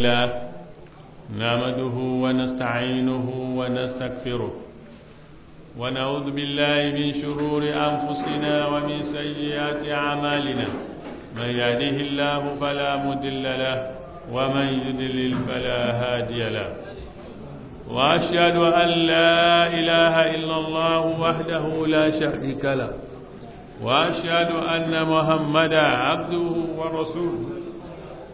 الله نعمده ونستعينه ونستغفره ونعوذ بالله من شرور أنفسنا ومن سيئات أعمالنا من يهده الله فلا مدل له ومن يدلل فلا هادي له وأشهد أن لا إله إلا الله وحده لا شريك له وأشهد أن محمدا عبده ورسوله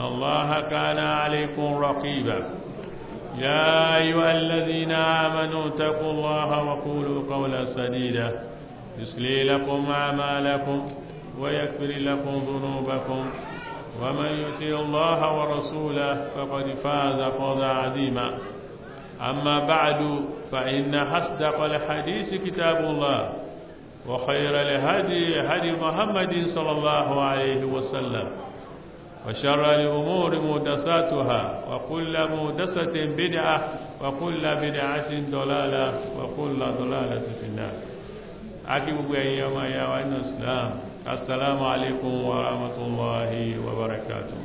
إن الله كان عليكم رقيبا يا أيها الذين آمنوا اتقوا الله وقولوا قولا سديدا يسلي لكم أعمالكم ويكفر لكم ذنوبكم ومن يطع الله ورسوله فقد فاز فوزا عظيما أما بعد فإن أصدق الحديث كتاب الله وخير الهدي هدي محمد صلى الله عليه وسلم وشر الأمور مودساتها وكل مودسة بدعة وكل بدعة دلالة وكل دلالة في النار أكيبوا يا ما يا وإن السلام السلام عليكم ورحمة الله وبركاته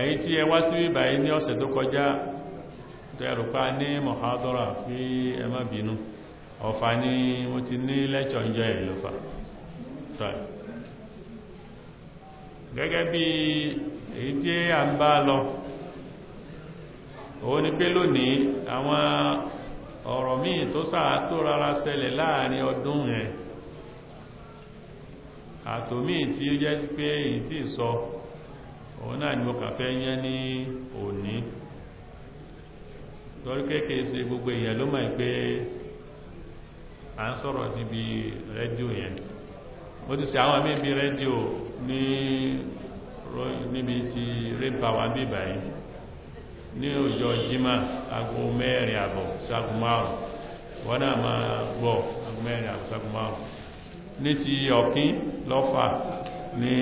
èyí tí ẹ wá sí bíbáyé ní ọ̀sẹ̀ tó kọjá tẹ́rùpá ní mọ̀hádọ́rà fi ẹ bínú ọ̀fà ni mo ti ní lẹ́tọ̀ ìjọ ẹ̀ gẹ́gẹ́ bí èyí tí a ń bá lọ ni pé lónìí àwọn ọ̀rọ̀ míì tó sáà tó rárá sẹlẹ̀ láàrin ọdún rẹ̀ àtòmí tí ó jẹ́ pé èyí tí sọ òun náà ni mo yẹn ní òní kéèkéé sí gbogbo èèyàn à ń sọ̀rọ̀ níbi rédíò yẹn ó ti ṣe àwọn níbi rédíò ní níbi ti rainpower ní ìbàyí ní ọjọ́ jímá aago mẹ́rin àbọ̀ sáàgùn márùn wọ́n náà máa gbọ́ aago mẹ́rin àbọ̀ sáàgùn márùn ní ti ọ̀kín lọ́fà ní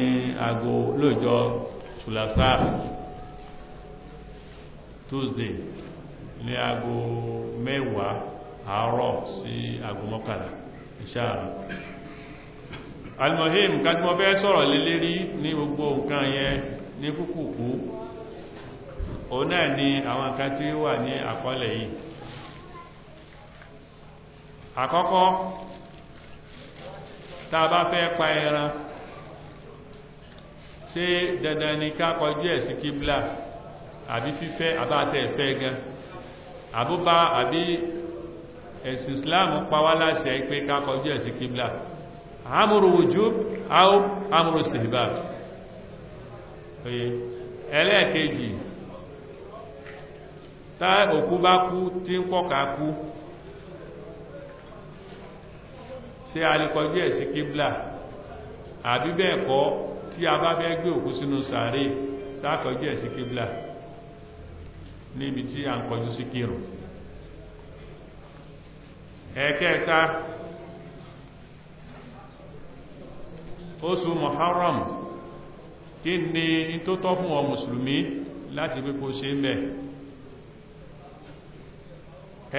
aago lóòjọ́ tùlàsá Tuesday ní aago mẹ́wàá àárọ̀ sí aago mọ́kànlá inshallah almohim kájúmọ́ fẹ́ sọ̀rọ̀ lélérí ní gbogbo nǹkan yẹn ní kúkùkú òun náà ni àwọn nǹkan tí wà ní àkọọ́lẹ̀ yìí àkọ́kọ́ tá a bá fẹ́ pa ẹran ṣé dandan ni ká kọjú ẹ̀ sí kíblà àbí fífẹ́ àbátẹ̀ fẹ́ gan àbúbá àbí ẹ̀sìn islam pa wá láṣẹ pé ká kọjú ẹ̀sìn kíblà amúrù wujub aw amúrù istihbab ẹlẹ́ẹ̀kejì tá òkú bá kú tí ń pọ̀ká kú ṣe alìkọjú ẹ̀sìn kíblà àbí bẹ́ẹ̀ kọ́ tí a bá bẹ́ gbé òkú sínú sàárè sákọjú ẹ̀sìn kíblà níbi tí a ń kọjú sí kírùn ẹ̀kẹta oṣù Muharram kí ni tó tọ́ fún ọ láti pé ṣe mẹ́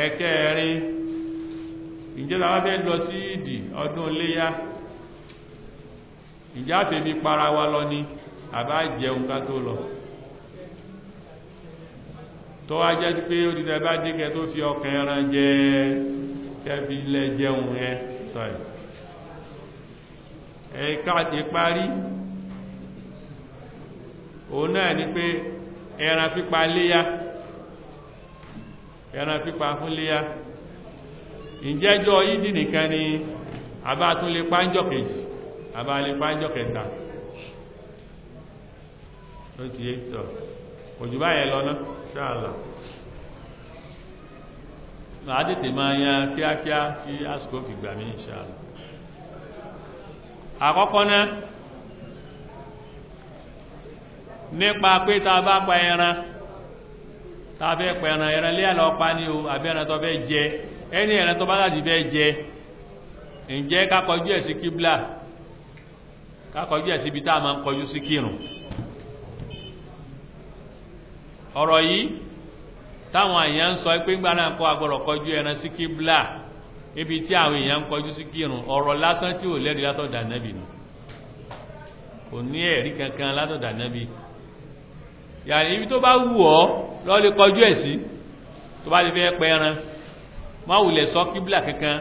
ẹ̀kẹrin ìjẹ́lá wá fẹ́ lọ sí ìdì ọdún léyá para wa lọ ni àbá jẹun ká tó lọ tó wá jẹ́ sí pé ó ti tẹ́ bá tó fi tẹ́fì ilẹ̀ jẹun yẹn sọ̀rọ̀ ẹ̀ka parí òun náà ni pé ẹran pípa léyá ẹran pípa fún léyá ìjẹ́jọ́ ìdí nìkan ni àbá tún lè pánjọ́ kejì àbá lè pánjọ́ kẹta ó ti yé tọ̀ òjò báyẹ̀ lọ náà ṣáàlà máa tètè máa yan kíákíá tí àsìkò fi gbà mí inshallah àkọ́kọ́ náà nípa pé ta bá pa ẹran ta fẹ́ pa ẹran ẹran lé àlọ́ pa ní o àbí ẹran tó fẹ́ jẹ ẹni ẹran tó bá láti fẹ́ jẹ ǹjẹ́ ká kọjú ẹ̀ sí kíblà ká kọjú ẹ̀ tá táwọn èèyàn ń sọ pé ńgbà náà kọ́ agbọ́dọ̀ kọjú ẹran sí kíbla ibi tí àwọn èèyàn ń kọjú sí kírun ọ̀rọ̀ lásán tí ò lẹ́rìí látọ̀dà nẹ́bì nù kò ní ẹ̀rí kankan látọ̀dà nẹ́bì yàrá ibi tó bá wù ọ́ lọ́ọ́lẹ́ kọjú ẹ̀ sí tó bá ti fẹ́ pẹ́ ẹran má wulẹ̀ sọ kíbla kankan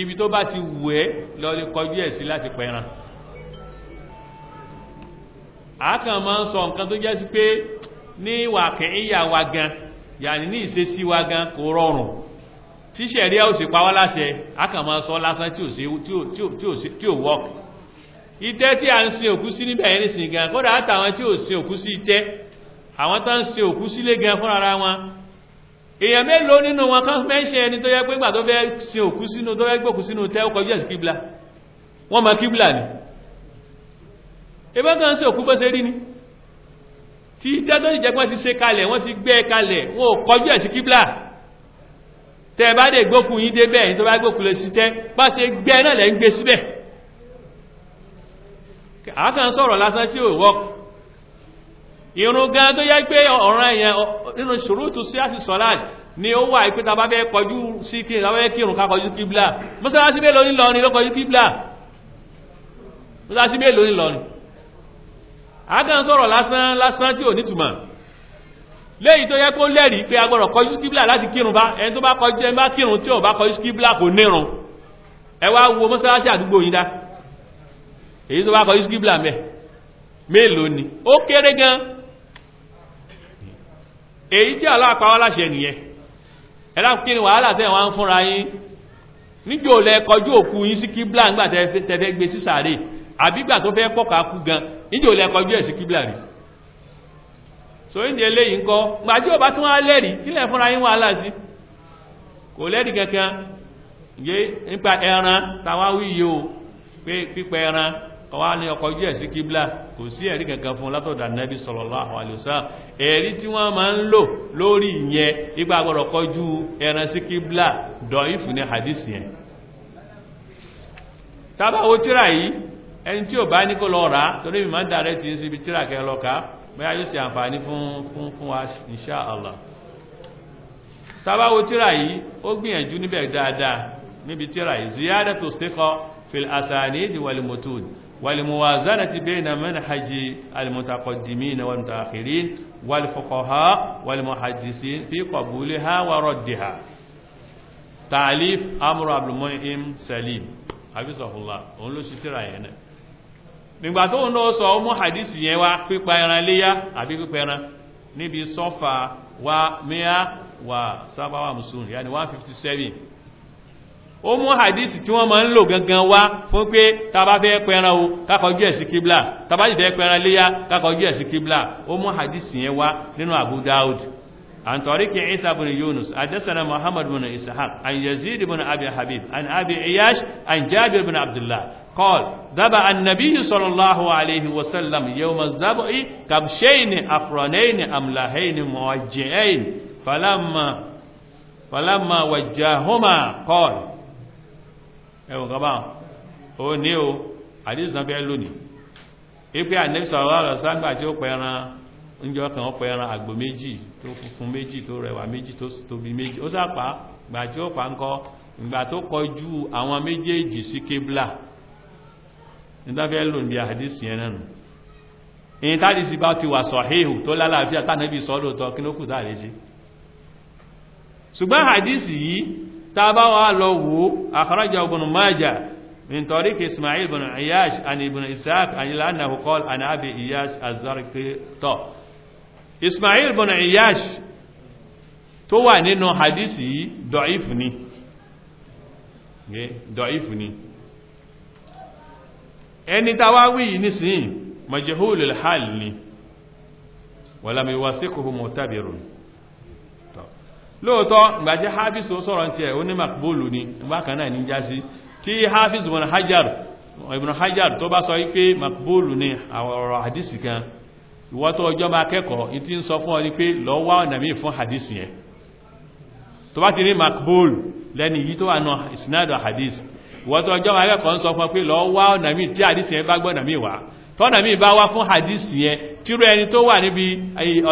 ibi tó bá ti wù ẹ́ lọ́ọ́lẹ́ kọjú ẹ̀ sí láti pẹ́ ẹran àákàn máa ń sọ nǹkan tó jẹ́ sí pé ní wàkẹ́ ìyàwó gan yàní ní ìṣesí wa gan kò rọrùn tí sẹ̀ríà ò sì pa wá láṣẹ a kàn máa sọ lásán tí ò ṣe tí ò wọ́k ìtẹ́ tí a ń sin òkú sí níbẹ̀ yẹn nísìn gan kódà àtàwọn tí ò sin òkú sí ìtẹ́ àwọn tó ń sin òkú sílé gan fúnra ara wọn èèyàn mélòó nínú wọn kan mẹ́ṣẹ́ ẹni tó yẹ pé gbà tó fẹ́ sin òkú sínú tó fẹ́ gbòkú sínú tẹ́ ó kọjú ẹ̀sì kíbla wọ́n mọ kíbla ni ebá kan sin òkú bó ṣe rí ni tí dẹ́tọ́ ìjẹ́gbọ́n ti ṣe kalẹ̀ wọ́n ti gbé e kalẹ̀ wọn ò kọjú ẹ̀ sí kíblà tẹ́ bá dẹ̀ gbókùn yí débẹ̀ yí tó bá gbókùn lè sí tẹ́ bá ṣe gbẹ́ náà lẹ́ ń gbé síbẹ̀ àákan sọ̀rọ̀ lásán tí ò wọ́k irun gan tó yẹ pé ọ̀ràn èèyàn nínú ṣòrótù sí àti sọ̀láàdì ni ó wà ìpé tàbá fẹ́ kọjú sí kí tàbá fẹ́ kírun ká kọjú kíblà mọ́sálásí mélòó ní lọrin ló kọjú kíblà mọ́sálásí mélòó ní lọrin àágán sọ̀rọ̀ lásán lásán tí ò nítumọ̀ léyìí tó yẹ kó lẹ́rìí pé agbọ́dọ̀ kọjú skibla láti kírun bá ẹni tó bá kọjú ẹni bá kírun tí ò bá kọjú skibla kò nírun ẹ wá wo mọ́sálásí àdúgbò yìí dá èyí tó bá kọjú skibla mẹ́ mélòó ni ó kéré gan èyí tí aláàpá wá láṣẹ nìyẹn ẹ láti kí ni wàhálà tẹ́ wọ́n ń fúnra yín níjò lẹ kọjú òkú yín sí kíblà ńgbà tẹ́fẹ́ gbé sí sàárè àbígbà tó fẹ́ pọ̀kà kú gan níjò lẹ kọjú ẹ̀ sí kíblà rí so ní eléyìí ń kọ́ gbà tí ó bá tún wá lẹ́rìí kí lẹ́ fúnra yín wàhálà kò lẹ́rìí kankan yé nípa ẹran tàwa wíyí o pé ẹran kọwa ní ọkọ̀ ojú ẹ̀ kíblà kò sí ẹ̀rí kankan fún látọ̀dà nẹ́bí sallallahu alaihi wasallam èrí tí wọ́n máa ń lò lórí ìyẹn ipa gbọ́dọ̀ kọjú ẹran sí kíblà dọ̀ ìfún ní hadisi yẹn tàbá wo tíra yìí ẹni tí ò bá ní kó lọ rà á torí mi máa ń dàrẹ́ tì í síbi tíra kẹ́ lọ kà á bóyá yóò ṣe àǹfààní fún fún fún wa insha Allah tabawo tíra yìí ó gbìyànjú níbẹ̀ dáadáa níbi tíra yìí ziyadatu thiqa fil asanid wal mutun والموازنة بين منهج المتقدمين والمتأخرين والفقهاء والمحدثين في قبولها وردها تعليف أمر عبد المنعم سليم حفظه الله قولوا شترا هنا nígbà tó ń lọ sọ ọmọ hadisi yẹn wá pípa ẹran léyá àbí pípa ẹran níbi sọ́fà wa mẹ́à wà sábàwà mùsùlùmí yàní 157 ó mú hadisi tí wọ́n máa ń lò gangan wá fún pé tàbá fẹ́ pẹran o kákọjú ẹ̀ sí kíblà tàbá jìdẹ́ pẹran léyá kákọjú ẹ̀ sí kíblà ó hadisi yẹn wá nínú Abu Dawud عن طريق عيسى بن يونس حدثنا محمد بن إسحاق عن يزيد بن أبي حبيب عن أبي عياش عن جابر بن عبد الله قال ذبع النبي صلى الله عليه وسلم يوم الذبح كبشين أفرانين أملاهين موجعين فلما فلما وجاهما قال ẹwọ gaba هو نيو o نبي náà bẹ́ẹ̀ lónìí ipe ànẹ́bí sọ̀rọ̀ ọ̀rọ̀ sáńgbà oúnjẹ ọkàn ọpọ̀ ẹran àgbò méjì tó funfun méjì tó rẹwà méjì tó tóbi méjì ó sápa ìgbà tí ó pa ń kọ́ ìgbà tó kọjú àwọn méjèèjì sí kébìlà nígbàfẹ́ lò ní àdísì yẹn náà ìyìn tàdísì bá ti wà sọ̀híhù tó lálàáfíà tánàbí sọ́lò tọ́ kí ló kù tàà lè ṣe ṣùgbọ́n àdísì yìí tá bá wà lọ wò àkọ́rọ́jà ibn Majah من طريق إسماعيل بن عياش عن ابن إسحاق عن أنه قال عن أبي إياس الزرقي Ismail bin Iyash tó wà nínú hadisi yìí dọ̀ífù ni dọ̀ífù ni ẹni tàwáwí yìí nísìnyí majahulul hal ni wàlámi wàsíkòhù mọ̀tàbírùn lóòótọ́ ìgbàtí hafiz tó sọ̀rọ̀ tí ẹ̀ ó ní makbolu ni bákan náà ní jásí tí hafiz ibn hajar tó bá sọ wípé makbolu ni àwọn ọ̀rọ̀ hadisi kan ìwọ́ tó ọjọ́ máa kẹ́kọ̀ọ́ ìtí ń sọ fún ọ ní pé lọ wá ọ̀nà míì fún hadith yẹn tó bá ti rí makbul lẹ́ni yí tó wà náà ìsinádọ̀ hadith ìwọ́ tó ọjọ́ máa kẹ́kọ̀ọ́ ń sọ fún ọ pé lọ wá ọ̀nà míì tí hadith yẹn bá gbọ́ ọ̀nà míì wá tọ́nà míì bá wá fún hadith yẹn tírú ẹni tó wà níbi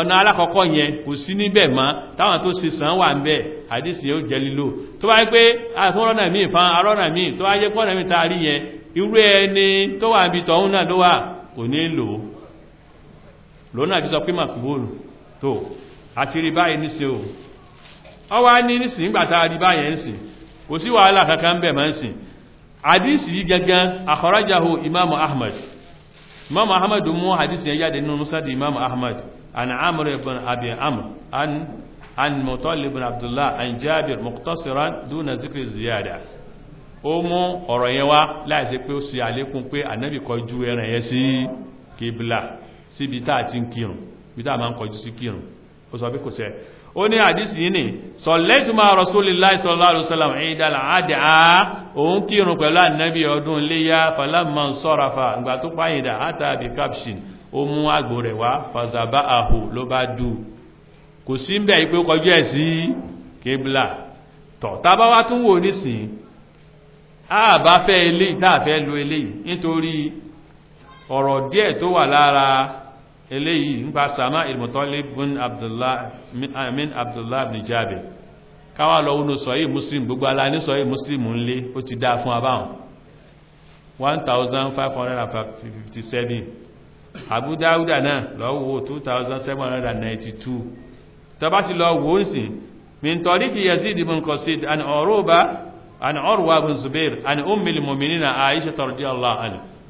ọ̀nà alákọ̀ọ́kọ́ yẹn kò sí níbẹ̀ mọ́ táwọn tó ṣe sàn wà ń bẹ̀ hadith yẹn ó jẹ́ lílò tó bá yẹ pé àtúnrọ́nà míì fan arọ́nà míì tó bá yẹ pọ́nà míì tá a rí yẹn irú ẹni tó wà níbi tọ́hún náà ló wà kò ní lò ó lónà fi sọ pé màkúbóòlù tó àti rí báyìí ní o ọ wá ní nísìn gbàtà rí báyìí ń sìn kò sí wàhálà kankan ń bẹ̀ máa ń àdísì gangan àkọ́rájáhù imamu ahmad imamu ahmad mú àdísì yẹn jáde nínú imamu ahmad an amr ibn abi amur an an ibn abdullah an jabir zikri ziyada ó mú ọ̀rọ̀ yẹn wá láìsí pé ó sì àlékún pé ànábì kọjú ẹran yẹn sí síbi tá àti ń kírun bí tá àmà ń kọjú sí kírun ó sọ bí kò sẹ́ ó ní àdísì yìí ni sọ̀lẹ́tùmá Rasulullahi sallallahu alaihi wasallam ìdàlà àdà òun kírun pẹ̀lú ànábì ọdún léyà falamma sarafa ìgbà tó páyìndà àtàbí caption ó mú àgbò rẹ̀ wá fàzàbá àhò ló bá dù kò sí ń bẹ̀ ìpé kọjú ẹ̀ sí kébìlà tọ̀ tábá wá tún wò nísìn àbáfẹ́ eléyìí táàfẹ́ lo eléyìí nítorí ọ̀rọ̀ díẹ̀ tó wà lára eléyìí nípa sama ilmọ̀tọ́lé bin abdullah bin jabir káwà lọ wúnú sọ̀yí muslim gbogbo alá ní sọ̀yí muslim ń lé ó ti dá fún abáhùn 1557 abu dawuda náà lọ 2792 tọba ti lọ wo ń sìn min tọ́ríkì yazid bin qasid an ọ̀rọ̀ bá an urwa bin zubair an ummil mu'minina aisha radiyallahu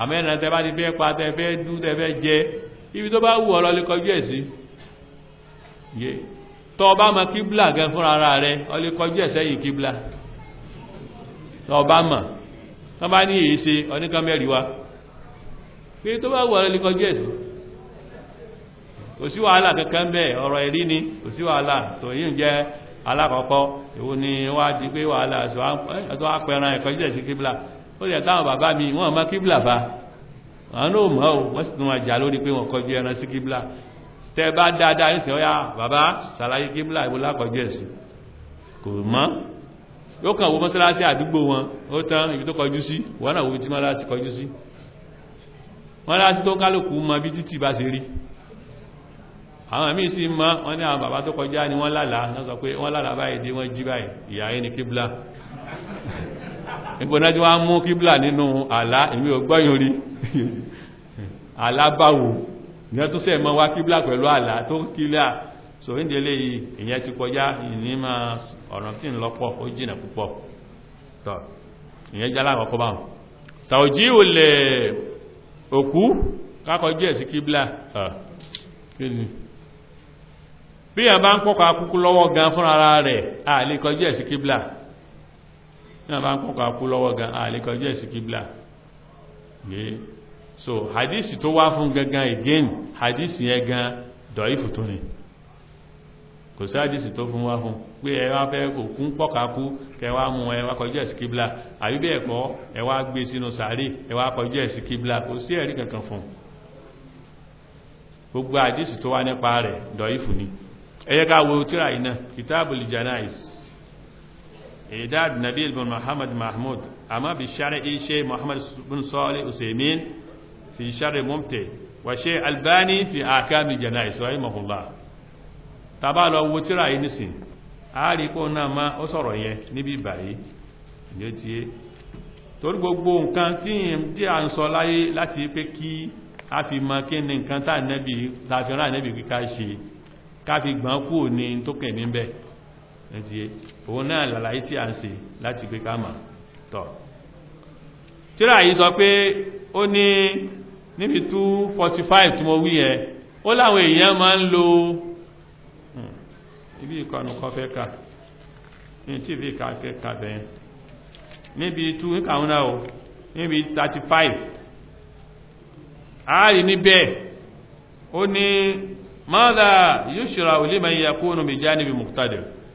àmọ́ ẹran tẹ bá ti fẹ́ pa tẹ fẹ́ dú tẹ fẹ́ jẹ ibi tó bá wù ọ lọ kọjú ẹ̀ sí tọ́ mọ kíbla gan fúnra ara rẹ ọ kọjú ẹ̀ sẹ́yìn kíbla tọ́ ọ bá tọ́ bá ní èyí ṣe mẹ́rin wa pé tó bá wù ọ lọ kọjú ẹ̀ sí kò sí wàhálà kankan bẹ́ẹ̀ ọ̀rọ̀ ẹ̀rí ni kò ó jẹ́ táwọn bàbá mi wọ́n mọ́ kíblà bá wọn náà mọ́ ò wọ́n sì tún wọn jà lórí pé wọ́n kọjú ẹran sí kíblà tẹ bá dáadáa ní sìn ọyá bàbá sàlàyé kíblà ìbò lákọjú ẹ̀sìn kò mọ́ yóò kàn wo mọ́sálásí àdúgbò wọn ó tán ibi tó kọjú sí wọ́n náà wo tí mọ́sálásí kọjú sí wọ́n lásí tó kálùkù mọ bí títì bá ṣe rí àwọn míì sí mọ́ wọ́n ní àwọn bàbá tó kọjá ní wọ́n lálàá wọ́n sọ pé wọ́n lálàá báyìí dé wọ́n jí báyìí ìyá ẹni kíblà ìgbónájú wá mú kíblà nínú àlá èmi ò gbọ́yìn orí alábáwò ìyẹn tó sẹ́ mọ́ wá kíblà pẹ̀lú àlá tó kílà so ní ilé yìí ìyẹn ti kọjá ìníma ọ̀ràn tí ń lọ́pọ̀ ó jìnà púpọ̀ tọ́ ìyẹn jálá àkọ́kọ́ báwọn tàòjí ò lè òkú kákọjú ẹ̀ sí kíblà bí a bá ń pọ́kọ̀ akúkú lọ́wọ́ gan fún ara rẹ̀ a ẹ̀ sí kíblà náà bá ń kọ́kọ́ akú lọ́wọ́ gan àlékọjú ẹ̀sì kíblà so hadisi tó wá fún gangan again hadisi yẹn gan dọ̀ífù tó ni kò sí hadisi tó fún wá fún pé ẹ wá fẹ́ kò kún pọ̀kakú kẹwàá mú ẹ wá kọjú ẹ̀sì kíblà àbí bẹ́ẹ̀ kọ́ ẹ wá gbé sínú sàárè ẹ kọjú ẹ̀sì kíblà kò sí ẹ̀rí kankan fún gbogbo hadisi tó wá nípa rẹ̀ dọ̀ífù ni ẹ ká wo tíra yìí náà kitabul janais إعداد نبيل بن محمد محمود أما بالشرع شيخ محمد بن صالح أسيمين في شرع ممتع وشيخ الباني في أحكام الجنائز رحمه الله tàbá lọ wo tíra yìí nìsìn àárí kó náà má ó sọ̀rọ̀ yẹn níbi báyìí ní ó ti é torí gbogbo nǹkan tí a ń sọ láyé láti pé kí a fi mọ kí ni nǹkan tá ànẹ́bì láfihàn ànẹ́bì kíká ṣe ká fi gbọ́n kúrò ní tókè níbẹ̀ ẹ̀tí òun náà lálàyé tí a ń ṣe láti pé ká mà tọ̀ tíra yìí sọ pé ó ní níbi 245 tí mo wí ẹ ó láwọn èèyàn máa ń lo hmm, ibi ìkọnù kan fẹ́ kà ní tí ìfi ìka fẹ́ kà bẹ́ẹ̀ níbi 2 níkàún náà o níbi 35 ààrì níbẹ̀ ó ní mọ́dà yóò ṣìrà olè máa yẹ kó nù bí jánibí mùkútàdìrì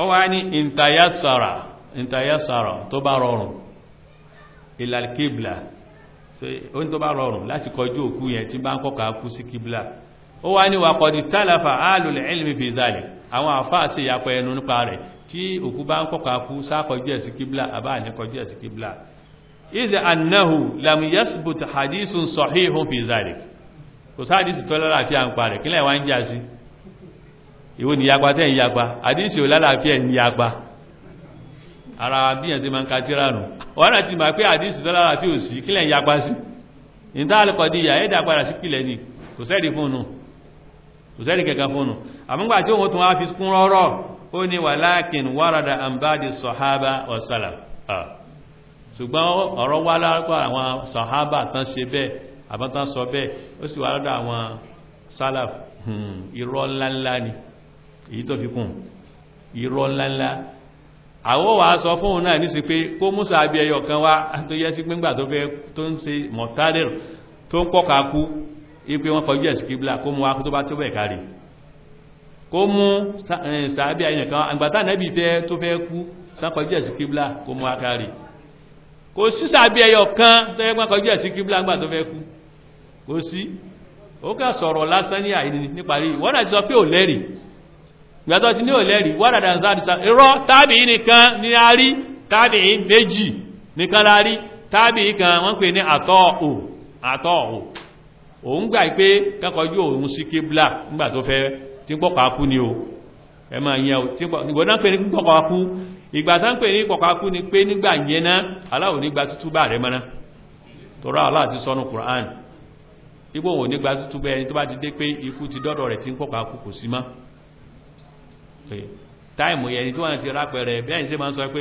ọ wá ní ìntayásàrà ìntayásàrà tó bá rọrùn ìlàkíblà ó ní tó bá rọrùn láti kọjú òkú yẹn tí bá ń kọ́kà kú sí kíblà ó wá ní wàkọ̀dì tálàfà áàlùlẹ̀ ilmi fi zàlẹ̀ àwọn àfáà sí ìyapọ̀ ẹnu nípa rẹ̀ tí òkú bá ń kọ́kà kú sákọjú ẹ̀sí kíblà àbá ní kọjú ẹ̀sí kíblà ìdí ìwò ni yapa tẹ́ ìyapa àdíṣẹ́ olálàáfíà ní yapa ara bíyàn sí ma ń ka tíránù wọ́n náà ti ma pé àdíṣẹ́ olálàáfíà ò sí kílẹ̀ yapa sí ìntàlùkọ̀dí ìyà ẹ́dà padà sí pìlẹ̀ ni kò sẹ́rì fóònù kò sẹ́rì kẹ̀kẹ́ fóònù àmúgbà tí òun tún wá fi kún rọ́rọ́ ó ní walakin wárada àmbádi sọ̀hábà ọ̀sálà ṣùgbọ́n ọ̀rọ̀ wá lápá àwọn sọ̀hábà tán ṣe bẹ́ẹ̀ àbọ́tán sọ bẹ́ẹ̀ ó sì wá lọ́dọ̀ àwọn sálàf hmm, irọ́ ńláńlá ni èyí tó fi kún irọ́ ńláńlá àwọ́ wàá sọ fóun náà ní sí pé kó músà abẹ́ ẹyọ kan wá tó yẹ sí pínpà tó fẹ́ tó ń ṣe mọ̀tádẹ̀rù tó ń pọ̀ka kú ipe wọn kọjú ẹ̀sì kíbla kó mú akú tó bá tó bẹ̀ kárí kó mú sàábì àyàn kan àgbàtà nẹ́bì fẹ́ tó fẹ́ kú sán kọjú ẹ̀sì kíbla kó mú akárí kò sí sàábì ẹyọ kan tó yẹ pọ́n kọjú ẹ̀sì kíbla àgbà tó fẹ́ kú kò sí ó kà sọ̀rọ̀ lásán ní àìní níparí wọ́n náà ti sọ pé ò lẹ́rìí gbẹ́tọ́ ti ní ò lẹ́rì wádàdà sáàdìsá irọ́ tábìí nìkan ní a rí tábìí méjì nìkan la rí tábìí kan wọ́n pè ní àtọ́ọ̀ àtọ́ọ̀ òun gbà pé kẹ́kọ̀ọ́jú òun sí kébìlà nígbà tó fẹ́ tí pọ̀kọ̀ akú ni o ẹ máa yẹ o náà pè ní pọ̀kọ̀ akú ìgbà tán pè ní pọ̀kọ̀ akú ni pé nígbà yẹn náà nígbà bá rẹ mọ́ná tọ́rọ aláà ti sọnù Kùránì ipò nígbà bẹ́ẹ̀ ni tó bá ti dé pé ikú ti dọ́dọ̀ rẹ̀ tí pé táìmù yẹni tí wọ́n ti rápẹ̀rẹ̀ bí ẹ̀yìn sí máa ń sọ pé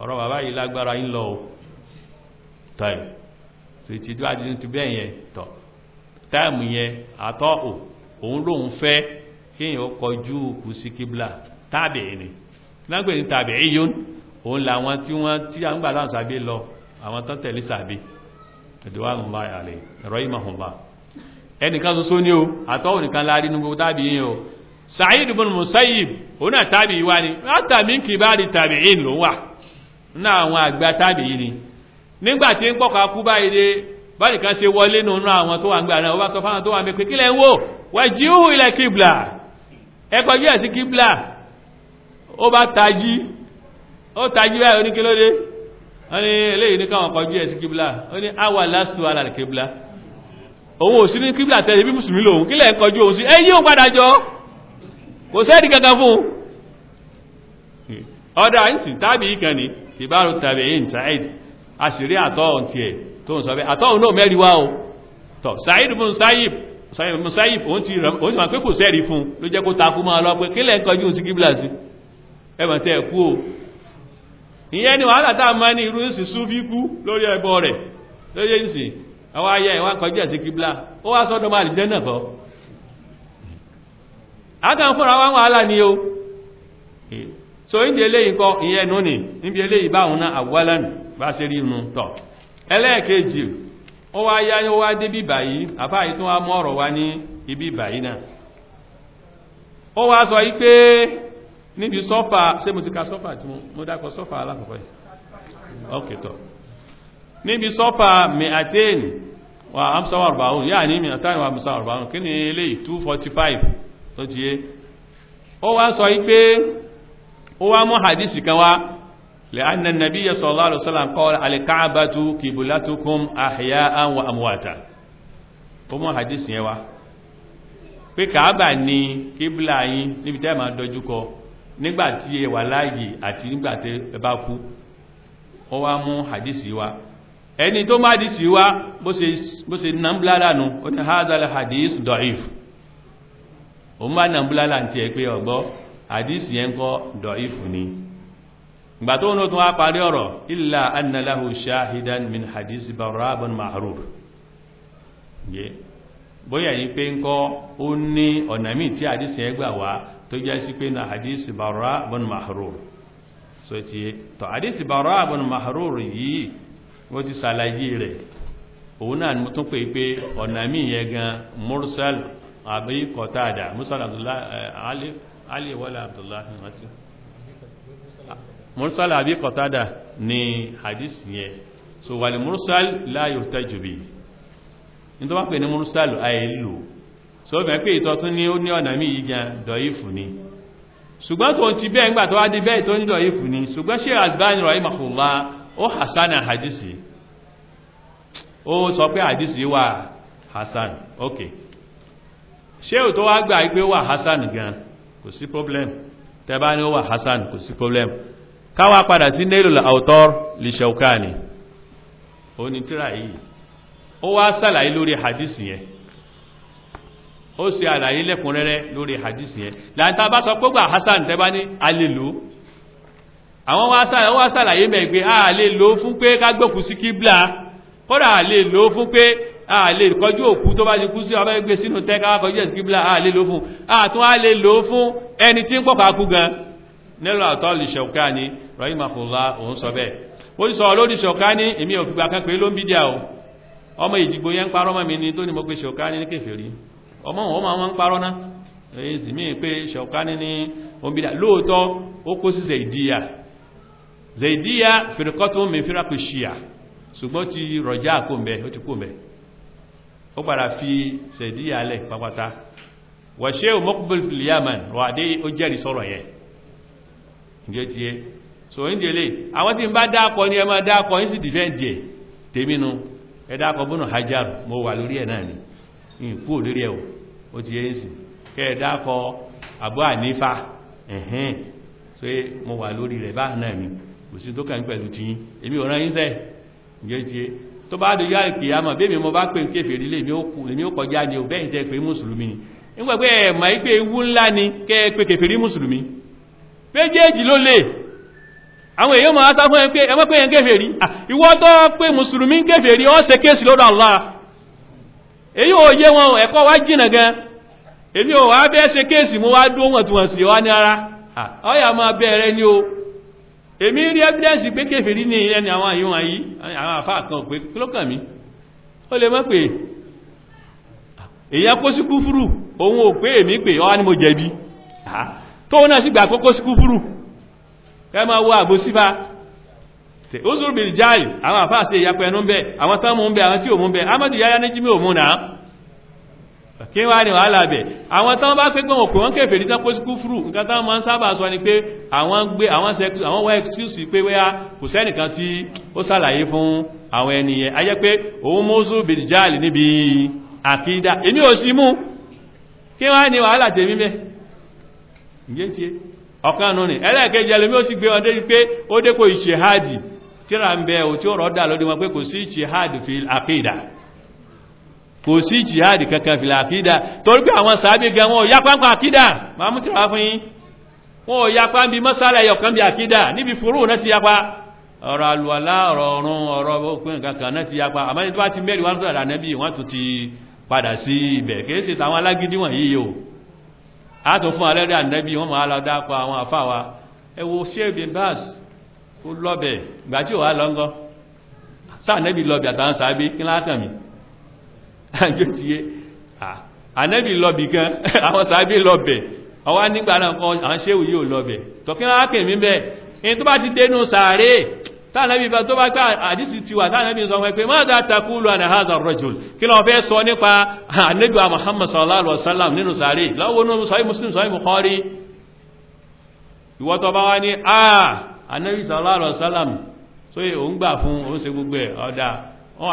ọ̀rọ̀ bàbá yìí lágbára ń lọ táìmù tí tí wá ti bẹ́ẹ̀ yẹn tọ̀ táìmù yẹn àtọ́ ò òun lóun fẹ́ kíyàn kọjú kù sí kíblà tábìí ni lágbè ní tàbí yón òun làwọn tí wọ́n tí a ń gbà láwọn sàbí lọ àwọn tán tẹ̀lé sàbí ẹ̀dùwàmùlá àlè ẹ̀rọ ìmọ̀hùnlá ẹnìkan ṣoṣo ní o àtọ́ ònìkan láàrin gbogbo tábìí yẹn o Sa'id ibn Musayyib òun náà tábì wá ni látà mí kìbárì tàbíìn ló wà nínú àwọn àgbà tábì ni nígbà tí ń pọ̀kọ̀ kan ṣe wọlé nínú àwọn tó wà ń gbà náà ó bá sọ fáwọn tó wà ń pè kílẹ̀ ń wò wà jíhù ilẹ̀ kíblà ẹ kọjú ẹ̀ sí kíblà ó bá tẹ́lẹ̀ bí mùsùlùmí lòun kílẹ̀ ń kò sẹ́ẹ̀dì kankan fún ọdá ìsìn tàbí ìkan ni tìbárò tàbí ìyìn Sa'id àṣírí àtọ́ ti ẹ̀ tó ń sọ bẹ́ àtọ́ òun náà mẹ́rin wá o tọ̀ Sa'id ibn Sayyib Sa'id ibn Sayyib òun ti ma pé kò sẹ́ẹ̀rí fún ló jẹ́ kó takú máa lọ pé kílẹ̀ ń kọjú sí kíbla sí ẹmọ̀ tẹ́ ẹ̀kú o ìyẹn ni wàhálà tá a máa ní irú àwọn ayẹ ìwà kọjú sí kíbla ó wá sọ́dọ̀ lè jẹ́ náà bọ́ àgàn fúnra wá wàhálà ní o so níbi eléyìí kọ ìyẹn nù ní níbi eléyìí báhùn náà àwọ́lẹ́nù bá ṣe rí inú tọ̀ wa ó wá yá ó wá dé bíbà yìí àfáàyí tó wá mọ́ ọ̀rọ̀ wá ní ibi báyìí náà ó wá sọ wípé níbi sọ́fà ṣé mo ti ka sọ́fà tí mo dákọ sọ́fà alákọ̀ọ́kọ́ ok tọ̀ níbi sọ́fà mẹ́àtẹ́ẹ̀nì wà wa àrùbáhùn yáà ní mi wà kí ni eléyìí 245 tó ti yé ó wá sọ yí pé ó wá mú hadisi kan wá lẹ́yìn nàbí yẹ sallallahu alaihi wasallam qala al-ka'batu qiblatukum ahya'an wa amwata ó mú hadisi yẹn wá pé kàábà ni kíbla yín níbi tẹ́ máa dojú kọ nígbàtí ẹ wà láàyè àti nígbàtí ẹ bá kú ó wá mú hadisi wá ẹni tó má hadisi wá bó ṣe nà ń blára nù ó ní hazal hadis da'if o má nà búlálà ti ẹ̀ pé ọ̀gbọ́ àdísì yẹn kọ́ dọ̀ífù ni ìgbà tó nù tún wá parí ọ̀rọ̀ illa anna lahu shahidan min hadisi barabun mahrur bóyá yìí pé ń kọ́ ó ní ọ̀nà míì tí àdísì yẹn gbà wá tó jẹ́ sí pé na hadisi barabun mahrur so ti tọ́ hadisi barabun mahrur yìí wọ́n ti ṣàlàyé rẹ̀ òun náà ni tún pè pé ọ̀nà míì yẹn gan mursal أبي قتادة مرسل عبد الله علي علي ولا عبد الله مرسل أبي قتادة ni hadith yẹn so wàlẹ̀ mursal la yuhtaju bi ní tó bá pè ní mursal àìlò so fẹ́ pé ìtọ́tún ní ó ní ọ̀nà mí igan dọ̀ífù ni ṣùgbọ́n tó ti bẹ́ẹ̀ ńgbà tó wá dé bẹ́ẹ̀ tó ní dọ̀ífù ni ṣùgbọ́n ṣe Albani rahimahullah ó hasana hadisi ó sọ pé hadisi wà hasan okay ṣé ò tó wá gbà pé wà Hassan gan kò sí problem tẹ́bá ní ó wà Hassan kò sí problem káwà padà sí Nailul Awtar li Shawkani ó ní tíra yìí ó wá sàlàyé lórí hadisi yẹn ó ṣe àlàyé lẹ́kùnrẹ́rẹ́ lórí hadisi yẹn láta bá sọ pógbà Hassan tẹ́bá ní alèlò àwọn wá sàlàyé mẹ́gbẹ́ àlèlò fún pé ká gbókù sí kíblà kódà àlèlò fún pé a lè kọjú òkú tó bá ti kú sí ọbẹ̀ gbé sínú tẹ́ka kọjú ẹ̀sì kíbla a lè fún fún ẹni tí ń gan nílò àtọ́ lè ṣọ̀ká ni òun sọ bẹ́ẹ̀ ó sì sọ lórí ṣọ̀ká ní èmi kan pé ló ń bídíà o ọmọ ni tó ní mo ṣọ̀ká ní ọmọ òun máa ń parọ́ náà èyí sì mí pé ṣọ̀ká ní ní òun bídíà lóòótọ́ ó kó sí zèdíyà zèdíyà mi ṣùgbọ́n ti kò ó padà fi sẹ̀dí alẹ̀ pápátá wàṣẹ́ Muqbil fil Yaman rọ̀dé ó jẹ́rìí sọ̀rọ̀ yẹn ǹjẹ́ tiẹ́ so ní délé àwọn tí ń bá dákọ̀ ní ẹmọ dákọ̀ ní sì dìfẹ́ǹdì ẹ̀ tèmínú ẹ̀dákọ̀ bọ́nà Hajar mo wà lórí ẹ̀ náà ni ìkú olórí ẹ̀ ó ti yẹ́ ìsìn kẹ́ẹ̀dákọ̀ Abu Hanifa ẹ̀hẹ́n so mo wà lórí rẹ̀ bá náà ni kò sí tó kàn pẹ̀lú tiyín èmi ò rán yín sẹ́ ǹjẹ́ tiẹ́ tó bá dojú àìkìyàmọ̀ bí m mo bá pè ń kéfèrí lè mi ó kọjá ní ò bẹ́yìn tẹ́ pé mùsùlùmí ni nígbàgbé ẹ̀mà ipé ewu ńlá ni kẹ́ pé kéfèrí mùsùlùmí méjèèjì ló lè àwọn èèyàn máa sá fún ẹ pé ẹmọ́ pé ẹ kéfèrí tó pé mùsùlùmí Allah wọn ẹ̀kọ́ wá jìnà gan èmi ò wá bẹ́ẹ̀ kéèsì wá wá èmi rí evidence pé kèfèrí ní ẹni àwọn àyíwọ̀n ayí àwọn àfáà kan pé kí ló kàn mí ó lè mọ́ pé èyàn kó sí kúfúrù ohun ò pé èmi pé ọwá ni mo jẹ̀bi tóun náà sì gbà kó kó sí ẹ máa wo àbò kí wá ní wàhálà bẹ̀ àwọn tán bá pé gbọ́nwò pé wọ́n kẹfẹ̀ ní tápó sí kúfúrú nǹkan tán máa ń sábà sọ ni pé àwọn gbé àwọn wá excuse pé wẹ́yà kò sẹ́nìkan tí ó sàlàyé fún àwọn ènìyàn ayẹ́ pé òun mọ́sù bìdìjáàlì níbi àkídà èmi ò sí mú kí wàhálà tèmi ni sì gbé pé ó ìṣèhádì tíra ń bẹ kò sí jihadi kankan fìlà àkídà torí pé àwọn sàábé gan ò yapa àkídà máa mú fún yín wọn ò yapa bí mọ́sálà ẹ̀yọ̀kan bí àkídà níbi fúrú náà ti yapa ọ̀rọ̀ alùwàlá ọ̀rọ̀ ọ̀run ọ̀rọ̀ òpin kankan náà ti yapa àmọ́ ti mẹ́rin wọn tọ́lá nẹ́bí wọ́n ti padà sí ibẹ̀ tàwọn alágídí o a tún fún alẹ́rẹ́ ànẹ́bí máa lọ dápọ̀ àwọn àjọ́tíyé ànẹ́bì lọ́bì gan àwọn sàábì lọ́bẹ̀ ọwá nígbà náà kọ́ àwọn ṣéwù yóò lọ́bẹ̀ tọ́kí wọ́n á pè mí bẹ́ẹ̀ in tó bá ti dénú sàárè tánàbí bá tó bá pẹ́ àdísì ti wà tánàbí sọ wọ́n pé má dá takúlù àdáhàdà rọ̀jùl kí lọ fẹ́ sọ nípa sallallahu alaihi wasallam nínú sàárè lọ́wọ́nú sọ́yí Muslim sọ́yí ní àà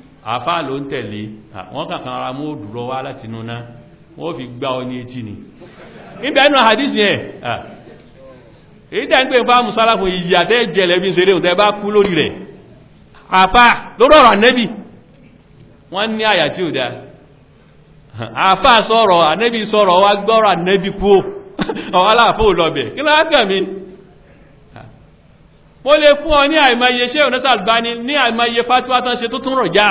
àfá ló ń tẹ̀lé wọ́n kàkan ara mú òdúrọ wá láti núná wọ́n fi gbá ọ ní etí ni níbẹ̀ ẹnu àdísì ẹ̀ èyí tẹ́ ń pè fá musálàfún ìyà tẹ́ jẹlẹ̀ bí ṣeré òun tẹ́ bá kú lórí rẹ̀ àfá lórí ọ̀rọ̀ ànẹ́bì wọ́n ní àyà tí ò dá àfá sọ̀rọ̀ ànẹ́bì sọ̀rọ̀ wá gbọ́rọ̀ ànẹ́bì kú ọ̀wọ́lá mo lè fún ọ ní àìmọye ṣe ìrìnṣà albani ní àìmọye fatiwa ṣe tó tún rọ̀já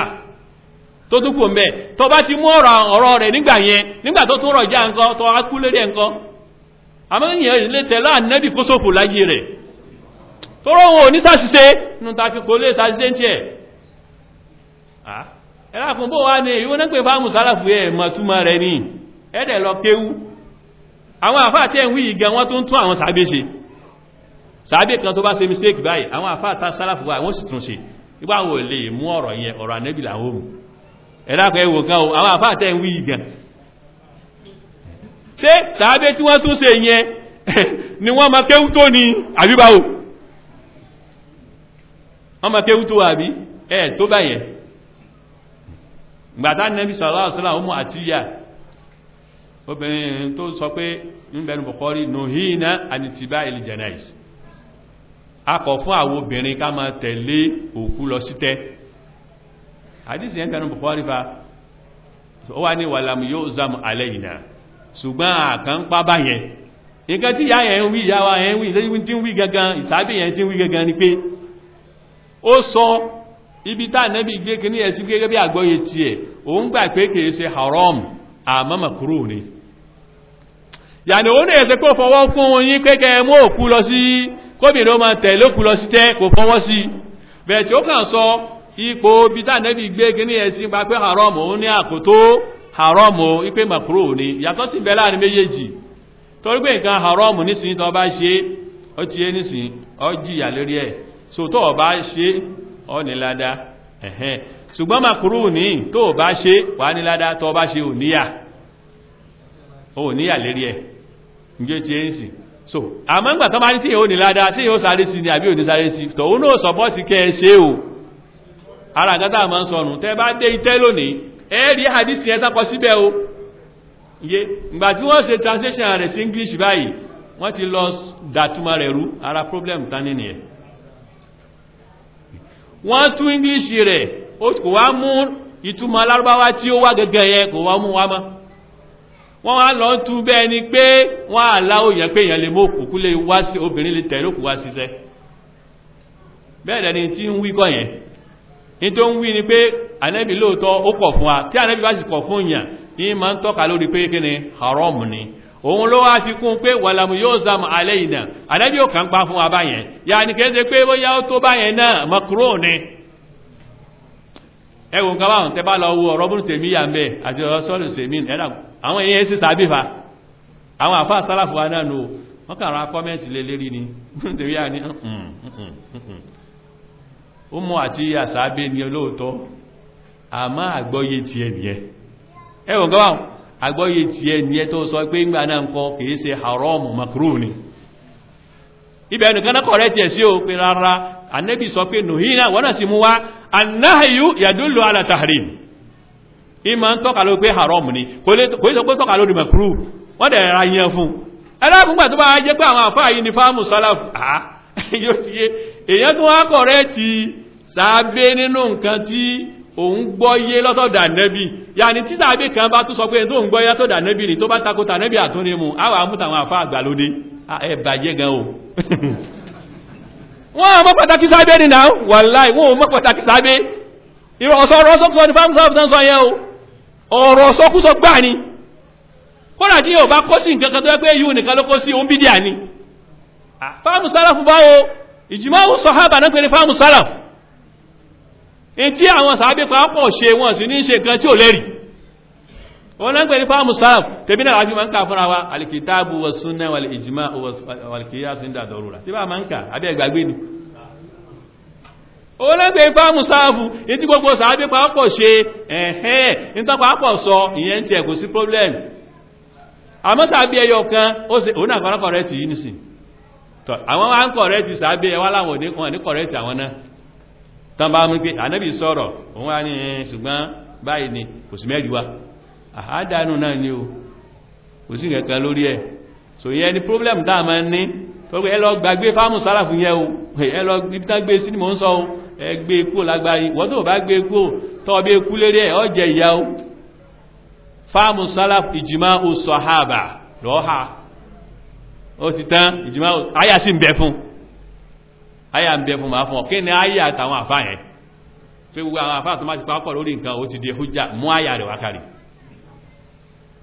tó tún kò mẹ́ tó bá ti mú ọ̀rọ̀ rẹ̀ nígbà yẹn nígbà tó tún rọ̀já nǹkan tó akú lérí ẹ̀nkan àmọ́yìn ilé tẹ̀lá nẹ́bì kó sófò láyé rẹ̀ tó rọ̀wọ̀n òní sàṣìṣe nù tàfi kò lè sàábì kan tó bá ṣe mistake báyìí àwọn àfáàtà sálàfù wa wọ́n sì tún ṣe nígbà wo lè mú ọ̀rọ̀ yẹn ọ̀rọ̀ ànẹ́bì làwọn òmù ẹ̀dàpẹ́ ìwò kan àwọn àfáàtà ń wí ìgàn ṣé sàábì tí wọ́n tún ṣe yẹn ni wọ́n máa kéwú tó ní àbíbáwò wọ́n máa kéwú tó àbí ẹ̀ tó báyẹn gbàtà nẹ́bí sọ̀rọ̀ àṣírà ọmọ àtíyà obìnrin tó sọ pé ń bẹnu bọ̀kọ́rí nòhìnà àti tìbá ìlìjẹ̀náìsì akọ̀ fún àwọn obìnrin ká máa tẹ̀lé òkú lọ sí tẹ́ àdísì ẹ̀ tẹ́nu fa ó wá ní wàlàmù yóò zàmù alẹ́ ìnà ṣùgbọ́n àkànpá báyẹn nǹkan tí yáyẹ̀ ń wí ìyáwá ẹ̀ ń wí tí ń wí gangan ń wí gangan ni pé gbé kí ní ẹ̀sí gẹ́gẹ́ bí àgbọ́yé haram ni yàní òun ní ẹ̀sẹ̀ fọwọ́ fún yín kóbìnrin ó máa tẹ̀lé òkú lọ sí tẹ́ kò fọwọ́ sí bẹ̀ẹ̀ tí ó kàn sọ ipò bídá nẹ́bí gbé gíní ẹ̀sìn pa pé haram ó ní àkótó haram ipé makro ní yàtọ̀ sí bẹ̀ láàrin méjèèjì torí pé nǹkan haram nísìnyí tó bá ṣe ó ti yé nísìnyí ó jìyà lórí ẹ̀ so tó bá ṣe ó ní ládá ṣùgbọ́n makro ní tó bá ṣe wà ní ládá tó bá ṣe ò níyà so àmọ́ ìgbà tó bá ní tí èyàn ò ní ládá sí èyàn ó sáré sí ni àbí ò ní sáré sí tòun náà sọpọ́ ti kẹ́ ẹ ṣe o ara àgátà máa ń sọnù tẹ́ bá dé itẹ́ lónìí ẹ̀ẹ́rí àdísì ẹ̀ tápọ̀ síbẹ̀ o yé ìgbà tí wọ́n ṣe translation rẹ̀ sí english báyìí wọ́n ti lọ dàtúmọ̀ rẹ̀ rú ara problem tání nìyẹn wọ́n tún english rẹ̀ kò wá mú ìtumọ̀ alárúbáwá tí ó wá gẹ́gẹ́ yẹ kò wá mú wá mọ́ wọ́n wá lọ tú bẹ́ ẹni pé wọ́n aláwò yẹn pé èèyàn lè mọ́ òkùnkú lè wá sí obìnrin lè tẹ̀lé òkú wá sí tẹ́ bẹ́ẹ̀dẹ̀ ni tí ń wí kọ́ yẹn ní tó ń wí ni pé anẹ́bì lóòótọ́ ó pọ̀ fún wa tí anẹ́bì bá sì pọ̀ fún yàn ní ma ń tọ́ka lórí pé kí ni haram ni òun ló wá fi kún pé wàlàmù yóò zam alẹ́ ìdàn anẹ́bì ò kàn pa fún wa báyẹn yà ní kẹ́ẹ́ pé bóyá ó tó báyẹn náà makro ni ẹwùn kan báwọn tẹ bá lọ wo ọ̀rọ̀ búrú tèmí yà mẹ́ àti ọ̀rọ̀ sọ́lù sèmí ẹ̀nà àwọn èèyàn sàbífà àwọn sálàfù wa náà nù wọ́n kàn ra kọ́mẹ́ntì lérí ni búrú tèmí yà ní ọmọ àti àsàbí ni ti ẹniyẹ ẹwùn kan báwọn àgbọ́yé ti ẹniyẹ tó sọ pé ńgbà náà kìí ṣe haram ni ibẹ̀ náà tiẹ̀ sí annahayu yadullu ala tahrim ima ń tọ́ka ló pé haram ni kò lè sọ pé tọ́ka lórí makru wọ́n dẹ̀ ra yẹn fún ẹlẹ́kùnkùn tó bá jẹ́ pé àwọn àfáà yìí ni fáàmù sálàfù àá yóò ti yé èyàn tó ti sàábé nínú nǹkan tí òun gbọ́yé lọ́tọ̀dà tí kan bá tún sọ pé tó ń ni tó bá àwọn àfáà wọ́n a mọ́ pàtàkì sábẹ́ nìna wàláì wọ́n mọ́ pàtàkì sábẹ́ ọ̀sọ̀rọ̀ sọ́kúsọ ní fáwọn sáfẹ́ sọ yẹn o ọ̀rọ̀ sọ́kúsọ gbà ní kódà tí yóò bá kó sí nǹkan kan tó pé yíò nìkan ló kó sí oúnbí díà ní fáwọn sálàfù báwo ìjìmáwò sọ̀hábà náà pé ní fáwọn sálàfù ètí àwọn sàábẹ́ pàápọ̀ ṣe wọn sí ní ṣe nǹkan tí ò lẹ́rìí wọn náà ń pè ní náà wájú máa ń kà fúnra wa alìkìtàbù wa súnà wal ìjìmá wàlìkìyàsù ń dàdọ̀rù rà tí bá máa ń kà àbí ẹgbàgbé nù wọn náà ń pè ìtí gbogbo sàábí pàápọ̀ ṣe ẹ̀hẹ́ ìtàn sọ ìyẹn tiẹ̀ kò sí problem àmọ́ sàábí ẹyọ kan ó sì òun náà kọ́rọ́ kọ̀rẹ́tì yìí nìsín àwọn wa ń sàábí àádánù náà ni o kò sí nǹkan lórí ẹ̀ so yẹn ni problem tá ma máa ní tọ́gbé ẹ gbàgbé fáàmù sálàfù yẹn o ẹ lọ ibi tá gbé sí ni mò ń sọ o ẹ gbé e kúrò lágbàáyé wọ́n tó bá gbé e kúrò tọ́ kú lérí ẹ̀ ọjẹ́ ìyá o fáàmù ìjìmá o sàhábà lọ́ha ó ti tán ìjìmá o àyà sì ń bẹ fún àyà ń bẹ fún màá fún ọ kí ni àyà àtàwọn àfáà yẹn ti pápọ̀ lórí nǹkan ó ti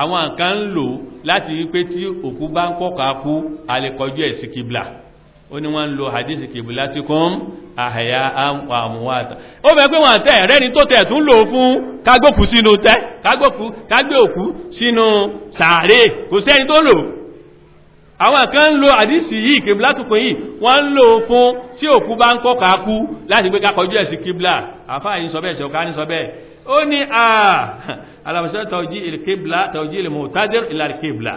àwọn nǹkan ń lò láti wípé tí òkú bá ń kọ́kà kú alẹ́kọjú ẹ̀ sí kìbìlà ó ní wọ́n ń lo hadisi kìbìlá tí kún àhẹ̀yà àmúwàtà ó fẹ́ pé wọ́n tẹ́ rẹ́ni tó tẹ̀ tún lò fún kágbòkú sínú tẹ́ kágbé òkú sínú sàárè kò sẹ́ni tó lò àwọn kan ń lo hadisi yìí kìbìlá tukùn yìí wọ́n ń lò fún tí òkú bá ń kọ́kà kú láti gbé kákọjú ẹ̀ sí kìbìlá àfáà yìí sọ bẹ́ẹ̀ ó ní àlàmọ̀ṣẹ́ tàójí ìlkébìlá tàójí ìlmọ̀tádìr ìlàrkébìlá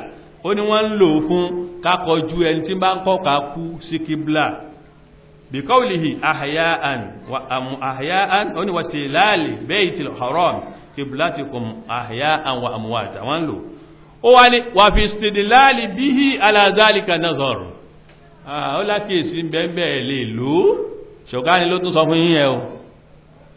ó ní wọ́n ń lò fún kákọjú ẹni tí bá ń kọ́ kakú sí kíbìlá bí kọ́wìlìhì àhàyáàn ó ní wà sí láàlì bẹ́ẹ̀ ti haram kíbìlá ti kùn àhàyáàn wa àmúwàtà wọ́n lò ó wá ní wà fi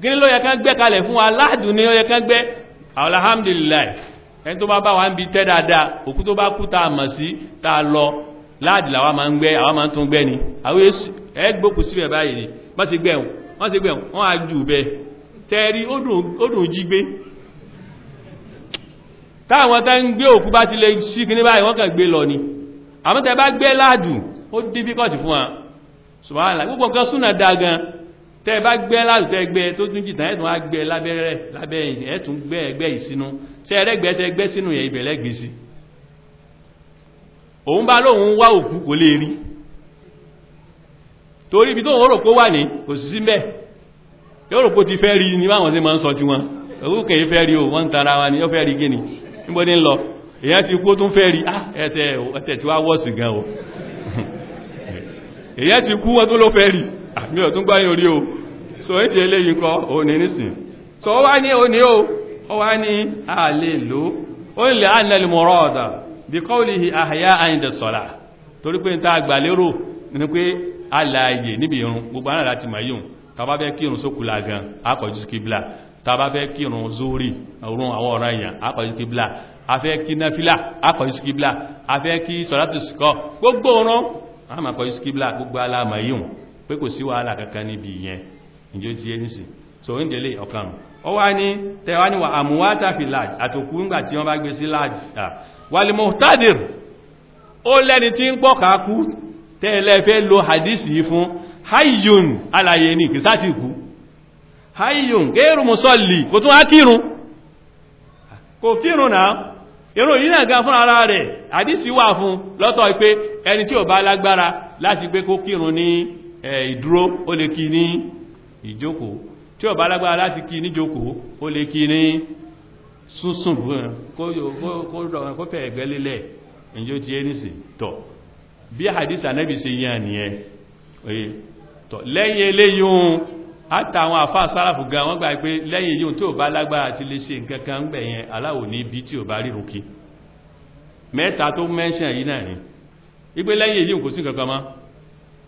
gíní ló yẹ kán gbẹ́ kalẹ̀ fún wa aládùn ni ó yẹ kán gbẹ́ alhamdulillah ẹni tó bá bá wa ń bi tẹ́ dáadáa òkú tó bá kú tá a mọ̀ sí tá a lọ láàdì làwa máa ń gbẹ́ àwa máa ń tún gbẹ́ ni àwọn ẹgbòkú síbẹ̀ báyìí ni wọ́n sì gbẹ̀hùn wọ́n sì gbẹ̀hùn wọ́n á jù bẹ́ẹ̀ tẹ́rí ó dùn jí gbé táwọn tẹ́ ń gbé òkú bá ti lè sí kí ní báyìí wọ́n kàn gbé lọ ni àmọ́ tẹ́ bá gbé ládùn ó dífíkọ̀tì fún wa ṣùgbọ́n gbogbo nǹkan súnà dágan tẹ́ bá gbẹ́ láàrùtẹ́ ẹgbẹ́ tó tún jìtàn ẹ̀tùn á gbẹ́ lábẹ́rẹ́ lábẹ́ ẹ̀tùn gbẹ́ ẹgbẹ́ ìsinú tẹ́ ẹrẹ́gbẹ́ tẹ́ gbẹ́ sínú ẹ̀ ìbẹ̀lẹ́ gbèsì òun bá lóun wá òkú kò lè rí torí ibi tó ń rò pó wà ní kò sí síbẹ̀ yóò rò pó ti fẹ́ rí ní báwọn sí ma ń sọ ti wọn òkúkẹ̀ fẹ́ rí o wọ́n tara wa ni ó fẹ́ rí gíní níbo ní lọ èyàn ti kú tún fẹ́ rí ah, ẹ̀tẹ̀ tí wá wọ́sì gan o èyàn ti kú wọ́n tó ló fẹ́ rí àmì ọ̀tún gbáyìn orí o so èdè eléyìí kọ́ òní nìsìn so ó wá ní òní o ó wá ní ààlè ló ó lè ánàlè mọ̀rọ̀ ọ̀dà bí kọ́wùlìhì àhàyà àyìndẹ̀ sọ̀lá torí pé ta àgbàlérò ní pé alààyè níbi irun gbogbo anáà láti mọ̀ yíò tàbá fẹ́ kírun sókùlà gan akọ̀jú sí kíbla tàbá fẹ́ kírun zórí orun àwọn ọ̀rọ̀ èèyàn akọ̀jú pé kò sí wàhálà kankan níbi ìyẹn ti so ń délé ọ̀kan ó wá ní tẹwàá ní àmúwátà fi láàjì àtòkú ńgbà tí wọ́n bá gbé sí láàjì wàlìmọ̀ tádìr ó lẹ́ni tí ń pọ̀kà kú lo hadisi fún hayyun alaye ní kìsáti kú hayyun gẹ́rù mùsọ́lì kò tún ákírun kò kírun náà irun yìí náà ga fún ara rẹ̀ hadisi wà fún lọ́tọ̀ ẹni tí ò bá lágbára láti pé kó kírun ìdúró ó lè kí ní ìjókòó tí ó bá lágbára láti kí ní jókòó ó lè kí ní súnsùn kó fẹ́ ẹ̀gbẹ́ lélẹ̀ ìjó ti ẹ́nìsì tọ̀ bí hadith anẹ́bì ṣe yíyàn nìyẹn oye tọ̀ lẹ́yìn eléyìn àtàwọn àfáà sáràfù gan wọ́n gbà pé lẹ́yìn yíò tí ó bá lágbára ti lè ṣe nǹkan kan gbẹ̀ yẹn aláwò ní bí tí ó bá rí rúkí mẹ́ta tó mẹ́ṣẹ̀ yìí náà ní ipé lẹ́yìn yíò kò sí nǹkan kan mọ́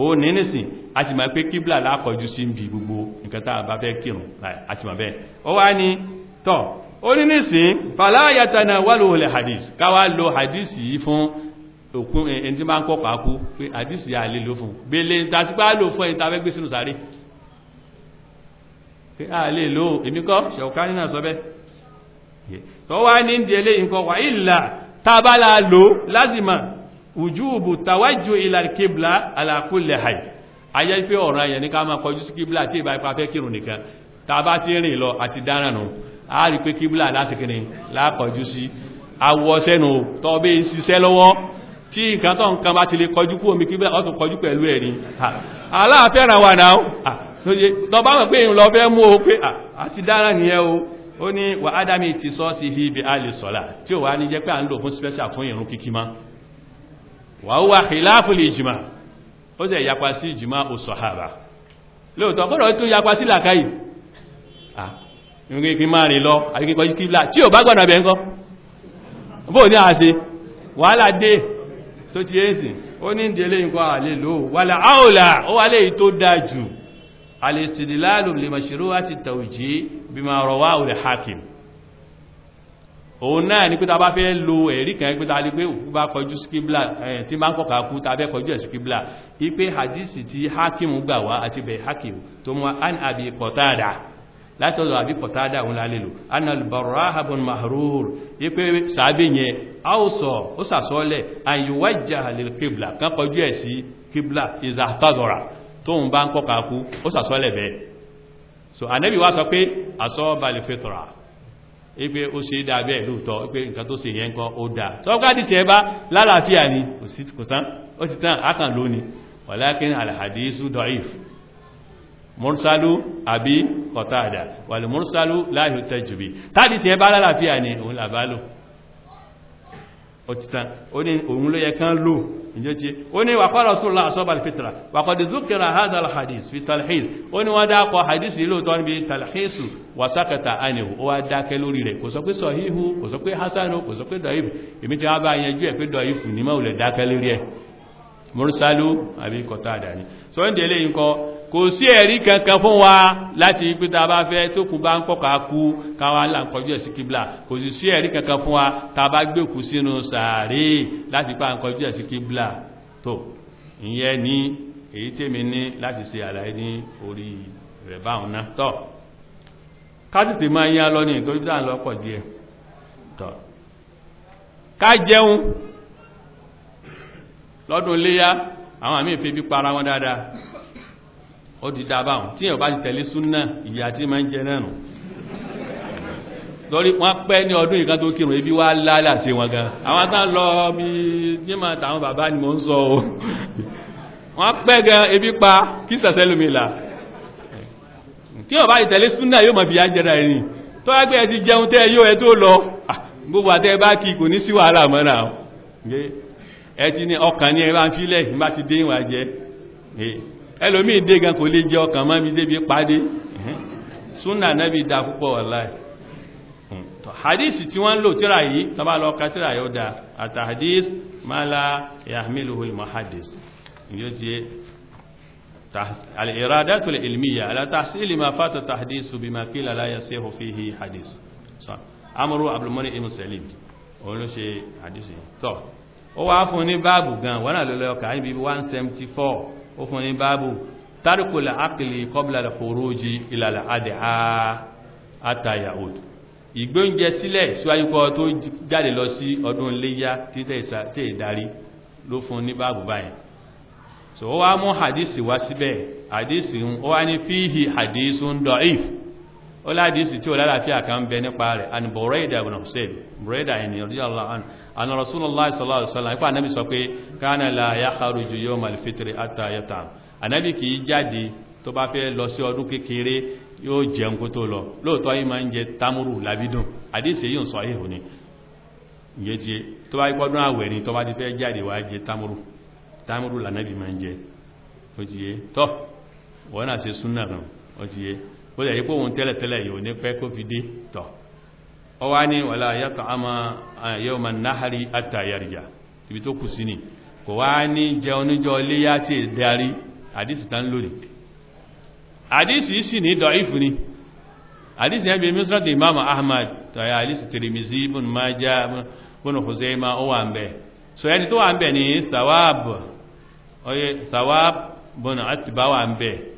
O ní nísìn a ti ma pé kíblà lákọjú sí ń bí gbogbo nǹkan tá a bá fẹ́ kírun a ti ma bẹ́ẹ̀ ó wá ní tọ́ ó ní nísìn fàláyàtàna wà ló lẹ̀ hadith káwà lo hadith yìí fún òkun eh, ẹni tí máa ń kọ́kọ́ akú pé hadith yà lè ló fún gbélé ìtàsípá lò fún ẹni tàbẹ́ gbé sínú sáré pé a lè lò èmi kọ́ ṣẹ̀ọ̀ká nínà sọ bẹ́ẹ̀ tọ́wá ní ìdí eléyìí nǹkan wà ìlà tábàlà lò lázìmọ̀ wùjúùbù tàwájú ìlàkíblà alákùnlẹ̀ hajj ayẹ́ pé ọ̀rọ̀ ayẹ̀ ní ká máa kọjú sí kíblà tí ìbá ipá fẹ́ kírun nìkan tàbá tí rìn lọ àti dárànù a rí pé kíblà lásìkiri lákọjú sí awọ́sẹ́nu tọ́bí ṣiṣẹ́ lọ́wọ́ tí nǹkan tó nǹkan bá ti lè kọjú kú omi kíblà ọ̀tún kọjú pẹ̀lú ẹ̀ ni aláàfẹ́ràn wà náà tọba mọ̀ pé Wa khilafu lil yapa sí lóòtọ́ kọ́rọ̀ tó yapa sí làkáyì ìrìnkí máa rìn lọ àríkíkọ́ tí ò bá gbọ́nà bẹ̀ ń kọ́ bóò ní àṣẹ wàhálà dé tó ti ó ní ìdílé nǹkan àlè áòlà ó wà tó jù òun náà ní pé ta bá fẹ́ lo ẹ̀rí kan pé ta lè pé òkú bá kọjú síkíblà tí máa ń kọ̀kà kú ta fẹ́ kọjú síkíblà ipé hadisi ti hakimu gbà wá àti bẹ̀ hakim tó mọ́ an àbí kọ̀tàdà látọ̀dọ̀ àbí kọ̀tàdà òun lálẹ́lò anal barraha bun mahrur ipé sàábé yẹn a ó lil kíblà kan kọjú ẹ̀ sí kíblà ìzàtàdọ̀rà tóun bá so anẹ́bí wá sọ pé asọ́ pé ó ṣe dábẹ́ lóòtọ́ pé nǹkan tó ṣe yẹn kọ́ ó dáa tọ́kàdì ṣe bá lálàáfíà ni kò tán ó sì tán ákàn lónìí wàlákin alhadisu da'if mursalu àbí kọ̀tàdà wàlì mursalu láhìí tẹ́jùbí tàbí ṣe bá lálàáfíà ni òun làbálò ọ̀tìtàn ó ní òun ló yẹ kán lò ìjọ́tí ó ní wàkọ́rọ̀ tó lá àṣọ́bà fitra wàkọ̀dì zúkìrà hadal hadis fi talhis ó ní wọ́n dákọ̀ hadis ilé òtọ́ níbi talhisu wàsákàtà anihu ó wá dákẹ́ lórí rẹ̀ kò sọ pé sọ̀híhu kò sọ pé hasanu kò sọ pé dọ̀if èmi ti wá bá kò sí ẹ̀rí kankan fún wa láti pé tá a bá fẹ́ tó kù bá ń pọ̀kà kú káwa là ń kọjú ẹ̀ sí kíbla kò sì sí ẹ̀rí kankan fún wa tá a bá gbé òkú sínú sàárè láti pa ń kọjú ẹ̀ sí kíbla tó ìyẹn ní èyí tèmi ní láti ṣe àlàyé ní orí rẹ̀ báhùn náà tọ́ ká máa yá lọ ní ìtọ́jú dáhùn lọ́pọ̀ díẹ̀ tọ́ ká jẹun lọ́dún léyá àwọn àmì ìfẹ́ bí para wọn dáadáa ó di dábà hùn tí èyàn bá ti tẹ̀lé súnà ìyà tí ma ń jẹ náà nù lórí wọ́n pẹ́ ní ọdún ìkan tó kírùn ebi wá lálà sí wọn gan àwọn tán lọ bí jíma tàwọn bàbá ni mo ń sọ o wọ́n pẹ́ gan ebi pa kí sẹ̀sẹ̀ lómi là tí èyàn bá ti tẹ̀lé súnà yóò mọ̀ fi yá jẹ́ra ẹ̀rin tó wá pé ẹ ti jẹun tẹ́ yóò ẹ tó lọ ah, gbogbo àtẹ́ bá kí kò ní sí wàhálà mọ́ra ẹ ti ní ọkàn ní ẹ bá ń fílẹ̀ ìgbà ti dé ìwà jẹ́ ẹlòmí ìdé gan kò lè jẹ ọkàn mọ́ mi débi pàdé súnà náàbí dá púpọ̀ wàláì hmm. hadisi tí wọ́n lò tíra yìí tọba lọ ka tíra yóò dá àtà hadis mala yahmiluhu al-muhaddis yóò ti al-iradatu al-ilmiya ala tahsil ma fata tahdisu bima qila la yasihu fihi hadis so amru abdul mani ibn salim òun ló ṣe hadisi tó ó wá fún ní báàbù gan wọ́n lọ́lọ́ ọkà níbi 174 ó fún ní báàbù tárìkùlà ákìlì kọ́bílà fòrójì ìlàlà adẹ̀ àtàyàwòd ìgbóúnjẹ sílẹ̀ síwájú kọ́ tó jáde lọ sí ọdún léyá títẹ̀ ìdarí ló fún ní báàbù báyìí so ó wá mú hadisi wá síbẹ̀ hadisi ó wá ó ládìísì tí ó lálàáfíà kan ń bẹ nípa rẹ̀ and Buraida ibn Husayb Buraida ẹni radiyallahu anhu àna Rasulullah sallallahu alaihi wasallam ipá anábì sọ pé kana la yakharuju yawm al-fitri hatta yatam anábì kìí jáde tó bá fẹ́ lọ sí ọdún kékeré yóò jẹun kó tó lọ lóòótọ́ yìí máa ń jẹ tamuru labidun àdíṣe yìí ń sọ ìhò ni ìyẹ́jẹ tó bá ipọ́dún àwẹ̀ ni tó kó lẹ̀ yípo òun tẹ́lẹ̀tẹ́lẹ̀ yóò ní pẹ́ kó fi dé tọ̀ ọ wá ní wàlá yàtọ̀ àmà yóò ma náhàrí àtàyàríyà ibi tó kù sí ni kò wá ní jẹ oníjọ léyà tí è darí àdísì tán lónìí àdísì sì ní dọ̀ífù ni àdísì yẹn bí mísírọ̀t ahmad tọ̀yà àdísì tirimizi ibùn májá ibùn hussein ó wà ń bẹ̀ so ẹni tó wà ń bẹ̀ ní sawab oye sawab bùn àtibá wà ń bẹ̀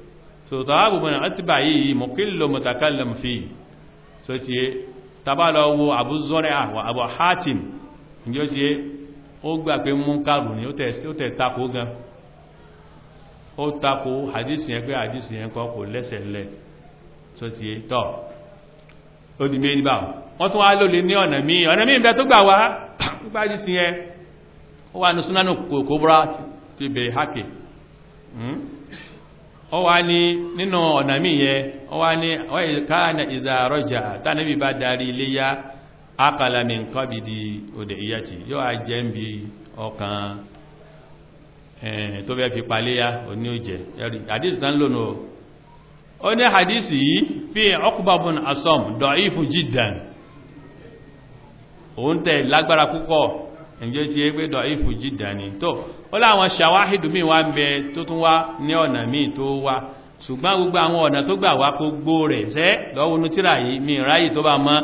so tàwábù mọ̀ àtìbà yìí mọ̀kílò mọ̀tàkàlàm fi so ti yé tàbálọ wo Abu Zur'a wa Abu Hatim o gba pe yé ni o te múnkàrù gan ó takó hadisi yẹn pé hadisi yẹn kọ́ kò lẹ́sẹ̀ lẹ́ so ti ọ wá ní nínú ọ̀nà míì yẹ ọ wá ní káàna ìzàrọ́jà tánàbí bá darí iléyá akàlàmì nǹkan bí di òdè ìyàtì yóò jẹ́ ń bí ọkàn eh, tó fẹ́ fi paléyá òní òjẹ́ àdísì tán lónà ó ní àdísì yìí fi ọkùbàbùn asọ́m dọ̀ ìfù jìdàn òun tẹ̀ lágbára ǹjẹ́ ti ẹgbẹ́ dọ̀ífù jìdà ni tó ó láwọn ṣàwáhìdù míì wá ń bẹ tó tún wá ní ọ̀nà míì tó wá ṣùgbọ́n gbogbo àwọn ọ̀nà tó gbà wá gbogbo rẹ̀ sẹ́ lọ́wọ́ onú tíra yìí mi ráyè tó bá mọ́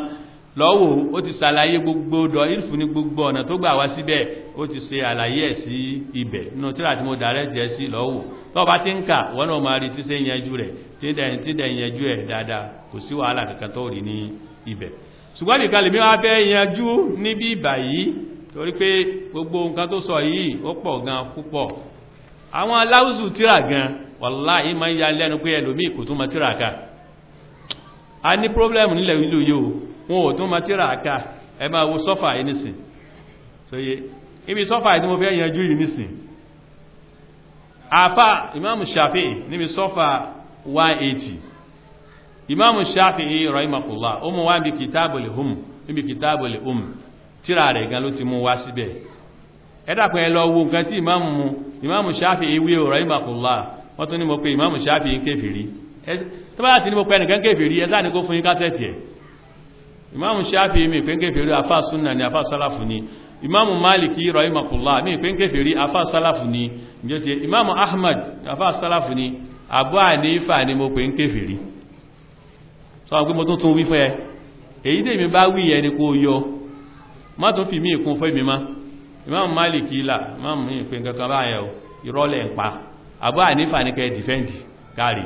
lọ́wọ́ ó ti ṣàlàyé gbogbo dọ̀ífù ní gbogbo ọ̀nà tó gbà wá síbẹ̀ ó ti ṣe àlàyé ẹ̀ sí ibẹ̀ nínú tíra tí mo dàrẹ́ tiẹ̀ sí lọ́wọ́ tó bá ti ń kà wọ́n náà ṣùgbọ́n nìkan lèmi wá fẹ́ yanjú níbí ìbà yìí torí pé gbogbo nǹkan tó sọ yìí ó pọ̀ gan púpọ̀ àwọn aláwùsù tíra gan yìí máa ń ya lẹ́nu pé ẹlòmíì kò tún ma tíra ká a ní pírọ́blẹ́mù nílẹ̀ ìlú yóò wọn ò tún ma tíra ká ẹ máa wo sọ́fà ibi sọ́fà tí mo fẹ́ yanjú afa shafi níbi sọ́fà 180 rahimahullah ó mú wá tíra rẹ̀ gan ló ti mú wá síbẹ̀ ẹ dákun ẹ lọ wo nǹkan tí ìmáàmù mú ìmáàmù ṣáfì ìwé ọ̀rọ̀ ìmàkùnlá wọ́n tún ní mo pé ìmáàmù ṣáfì ń kéfìrí tó bá ti ní mo pé ẹnìkan ẹ kó fún yín kásẹ̀tì ẹ̀ ìmáàmù ṣáfì mi pé ń kéfìrí afá súnà ni afá sálàfù ni ìmáàmù máàlìkì ìmàkùnlá mi pé ń afá sálàfù ahmad afá sálàfù ni ni mo ń sọ má tún fi mí ìkún fún èmi mọ́ Imam Maliki là Imam mi pé kankan báyẹn ìrọ́lẹ̀ ń pa Abu Hanifa ní kẹ́ dìfẹ́ǹdì kárí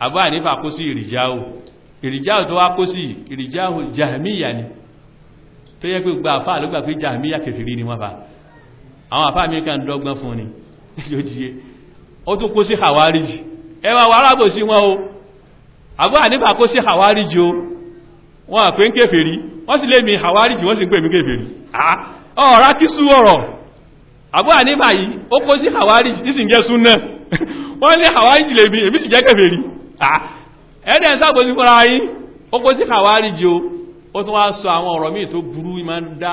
Abu Hanifa kó sí ìrìjáwò ìrìjáwò tó wá kó sí ìrìjáwò jahmiya ni tó yẹ pé gba àfáà ló gbà pé jahmiya kèfèrí ni wọ́n fa àwọn àfáà mi kan Abu Hanifa kó sí wọ́n àpé ń kéfèrí wọ́n sì lé mi hawariji wọ́n sì pè mí kéfèrí ọ̀rá kí sú ọ̀rọ̀ àbú àníbà yìí ó kó sí hawariji tí sì jẹ́ súnnà wọ́n ní hawariji lè mi èmi sì jẹ́ kéfèrí ẹ̀ẹ́dẹ̀ sí fúnra ó kó sí o ó tún sọ àwọn ọ̀rọ̀ míì tó burú ìmọ̀ndá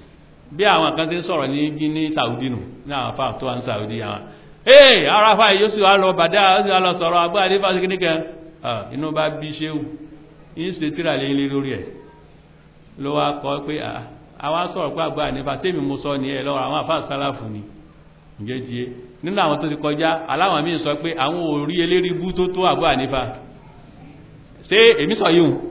bí àwọn kan ṣe ń sọ̀rọ̀ ní ní Saudi nù ní àwọn afá tó Saudi àwọn ee arafa yóò sì wá lọ bàdá ó sì wá lọ sọ̀rọ̀ agbára ní ah, inú bá bí ṣéwù yìí ṣe tíra lé ilé lórí ẹ̀ ló wá kọ́ pé àwọn ah, sọ̀rọ̀ pé agbára ní fásitì èmi mo sọ ní ẹ àwọn sálàfù ni ìjẹ́jìé nínú àwọn tó ti kọjá aláwọn míì sọ pé àwọn ò rí eléríbú tó tó agbára nípa ṣé èmi sọ yìí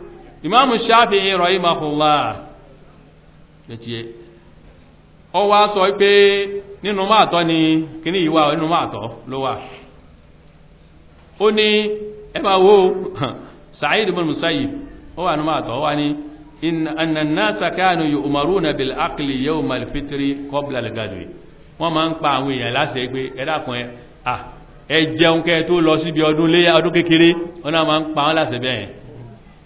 ìmáàmù Shafi'i rahimahullah lẹ́tíyẹ ọ wá sọ pé nínú máa tọ́ ni kíní ìwà nínú máa tọ́ ló wà ó ní ẹbà wo Sa'id ibn Musayyib ó wà nínú máa tọ́ wá ní inna an-nasa kanu yu'maruna bil aqli yawm al-fitri qabla al-gadwi wọ́n máa ń pa àwọn èèyàn láṣẹ pé ẹ̀dàkùn ẹ̀ ẹ jẹun kẹ́ tó lọ síbi ọdún léyá ọdún kékeré wọ́n náà máa ń pa wọ́n láṣẹ bẹ́ẹ̀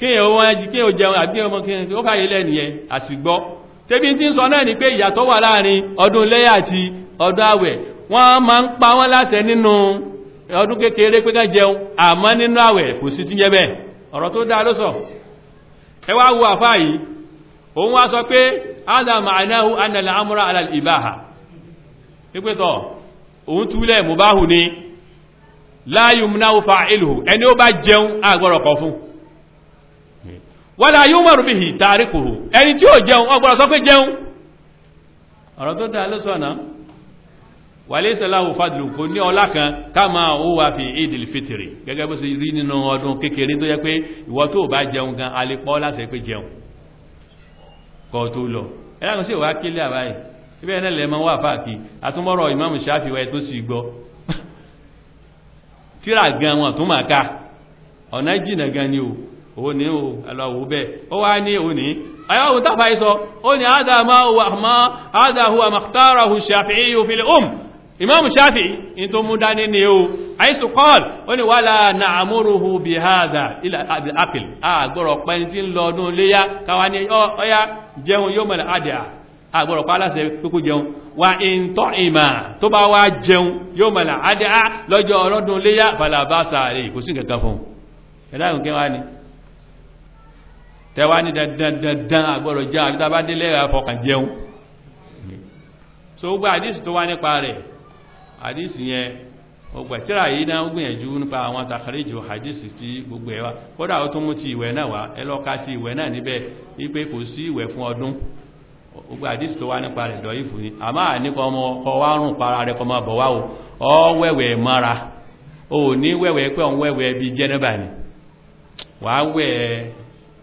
kéèyàn wọ́n ẹjì kéèyàn jẹun àbí ọmọ kéèyàn ó káyé lẹ́nìyẹn àsìgbọ́ tẹ́bí tí ń sọ náà ni pé ìyàtọ̀ wà láàrin ọdún iléyá àti ọdún àwẹ̀ wọ́n máa ń pa wọ́n láṣẹ nínú ọdún kékeré pé ká jẹun àmọ́ nínú àwẹ̀ kò sí ti jẹ́ bẹ́ẹ̀ ọ̀rọ̀ tó dáa ló sọ ẹ wá wo àfáà yìí òun wá sọ pé adam anahu anala amúra alal ibaha pípẹ́tọ̀ òun túlẹ̀ mùbáhù ni láyùmúnáwó fa ìlú ẹni ó bá jẹun àgbọ̀rọ̀kọ̀ fún wọ́lá yóò mọ̀rún bí i tààrí kòrò ẹni tí ó jẹun ọgbọ́rọ̀ sọ pé jẹun ọ̀rọ̀ tó dá lọ́sọ̀nà wà lè sẹ́láwò fàdìlù kò ní ọlá kan ma ó wà fi ìdìlì fìtìrì gẹ́gẹ́ bó sì rí nínú ọdún kékeré tó yẹ pé ìwọ tó bá jẹun gan alẹ́pọ̀ láti pé jẹun kọ́ tó lọ ẹlànà sí kílẹ̀ àbáyé ibẹ̀ ẹ̀nà lẹ́mọ wà fàákì tó sì gbọ́ tíra gan wọn tó máa ká ọ̀nà jìnà o òní o ẹlọ́wọ́ bẹ́ẹ̀ ó wá ní òní ayáhùn tàbá ìsọ ó ní àádáhùwà makhtarahu shafi'i yóò fi lè um imam shafi'i in tó mú dání ní o àìsù kọ́l ó ní wala na'muruhu bí hádà ilẹ̀ apil àgbọ̀rọ̀ pẹ́ni tí ń lọ ọdún léyá káwa ní ọya jẹun yóò mọ̀lẹ̀ àdìá àgbọ̀rọ̀ pa aláṣẹ kúkú jẹun wa in tọ́ ìmà tó bá wá jẹun tẹwa ní dandandandan agbọ́rọ̀ já àti tàbá délé ẹ̀rà fọkàn jẹun so ó gba àdísì tó wá nípa rẹ̀ àdísì yẹn ọgbà tíra yìí náà gbìyànjú nípa àwọn tàkàríjù àdísì tí gbogbo ẹwà kódà ó tún mú ti ìwẹ̀ náà wá ẹlọ́ka sí ìwẹ̀ náà níbẹ̀ wípé kò sí ìwẹ̀ fún ọdún ọgbà àdísì tó wá nípa rẹ̀ dọ̀yìfù ni àmá nípa ọmọ ọkọ̀ wá rùn para rẹ̀ kọmọ bọ̀ wá o ọ wẹ̀wẹ̀ mara o ní wẹ̀wẹ̀ pé òun wẹ̀wẹ̀ bí jẹ́nẹ́bà ni wàá wẹ̀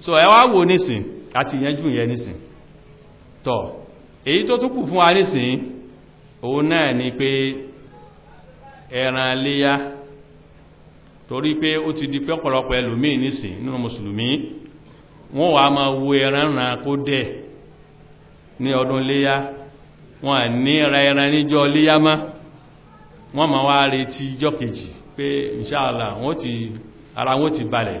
so ẹ wá wò nísìn àti ìyẹnjú yẹn nísìn tọ́ èyí tó tún fún wa nísìn òun náà ni pé ẹran léyá torí pé ó ti di pẹ́pọ̀lọpọ̀ ẹlòmí nísìn nínú mùsùlùmí wọ́n wà máa wo ẹran ràn kó dẹ̀ ní ọdún léyá wọ́n ní ra ẹran níjọ léyá má wọ́n máa wá retí jọ́ kejì pé inṣáàlá wọ́n ti ara wọ́n ti balẹ̀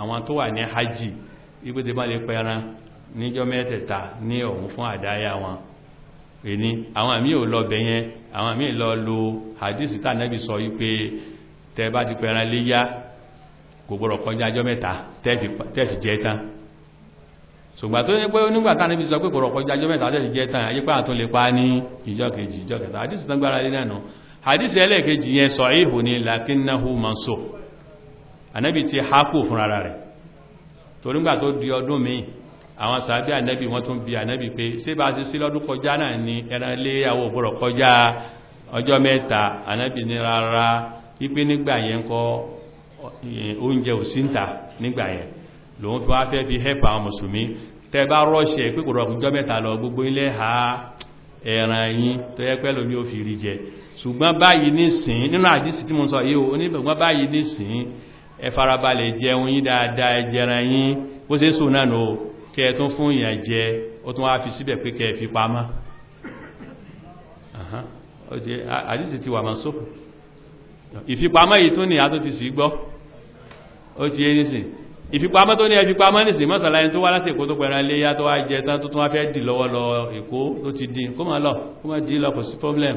àwọn tó wà ní hajj wípé tí bá lè pẹran níjọ́ mẹ́tẹ̀ẹ̀ta ní ọ̀hún fún àdáyà wọn èní àwọn àmì ò lọ bẹ̀yẹn àwọn àmì lọ lo hadisi tá nẹ́bì sọ wípé tẹ bá ti pẹran léyá kò gbọ́dọ̀ kọjá ajọ́ mẹ́ta tẹ́fì jẹ́ tán ṣùgbà tó ní pé nígbà tá nẹ́bì sọ pé kò rọ̀kọjá ajọ́ mẹ́ta tẹ́fì jẹ́ tán ayé pàtó lè pa ní ìjọ kejì ìjọ kẹta hadisi tán gbára lé náà hadisi ẹlẹ́ẹ̀kejì yẹn sọ ìhù ni lakinnahu mansukh ànábì ti hákò fún ara rẹ̀ torígbà tó di ọdún mi àwọn sàábí ànábì wọ́n tún bi ànábì pé ṣé bá ṣe sí lọ́dún kọjá náà ni ẹran lé àwọ̀ òbúrọ̀ kọjá ọjọ́ mẹ́ta ànábì ní rárá wípé nígbà yẹn kọ́ eh, oúnjẹ ò síntà nígbà yẹn lòun fi wá fẹ́ fi hẹ́pà àwọn mùsùlùmí tẹ bá rọ́ṣẹ̀ pé kò rọ̀kùn jọ mẹ́ta lọ gbogbo ilẹ̀ ha ẹ̀ràn yìí tó yẹ pẹ́lú ní ó fi rí jẹ ṣùgbọ́n báyìí nísìn nínú àdísì tí mo sọ yíò oníbẹ̀gbọ́n báyìí nísìn ẹ farabalẹ̀ jẹun yín dáadáa ẹ jẹran yín bó ṣe sùn náà nù kẹ ẹ tún fún ìyàn jẹ ó tún wá fi síbẹ̀ pé kẹ ẹ fi pamọ́ àdísì ti wà máa só ìfipamọ́ yìí tún ní àtún ti sì gbọ́ ó ti yé nísìn ìfipamọ́ tó ní ẹfipamọ́ nísìn mọ́sànlá ẹni tó wá láti èkó tó pẹ̀rẹ̀ léyá tó wá jẹ tán tó tún wá fẹ́ dì lọ́wọ́ lọ èkó tó ti dín kó máa lọ kó máa dì lọ kò sí problem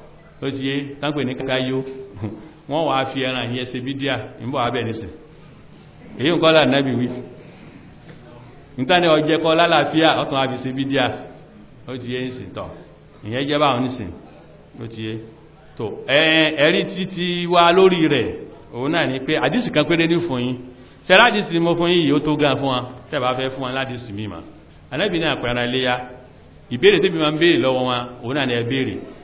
tó ti yé tánpẹ̀ ní káyó wọ́n wà fi ẹran yẹn ṣe bídíà ìbọ̀ abẹ́ nìsìn èyí ń kọ́lá náàbì wí nítàní ọjẹ́ kọ́ lálàáfíà ọ̀tún àfi ṣe bídíà ó ti yé nìsìn tọ̀ ìyẹn jẹ́ báwọn nìsìn ó ti yé tó ẹ̀rí tí ti wá lórí rẹ̀ òun náà ni pé àdísì kan péré ní fún yín sẹ́rá àdísì mo fún yín yìí ó tó gan fún wọn tẹ́bà fẹ́ fún wọn ládìsì mímọ̀ anábì náà pẹ̀rẹ̀ léyà ìbéèrè tẹ́bì máa ń béèrè lọ́wọ́ wọn òun náà ni ẹ béèrè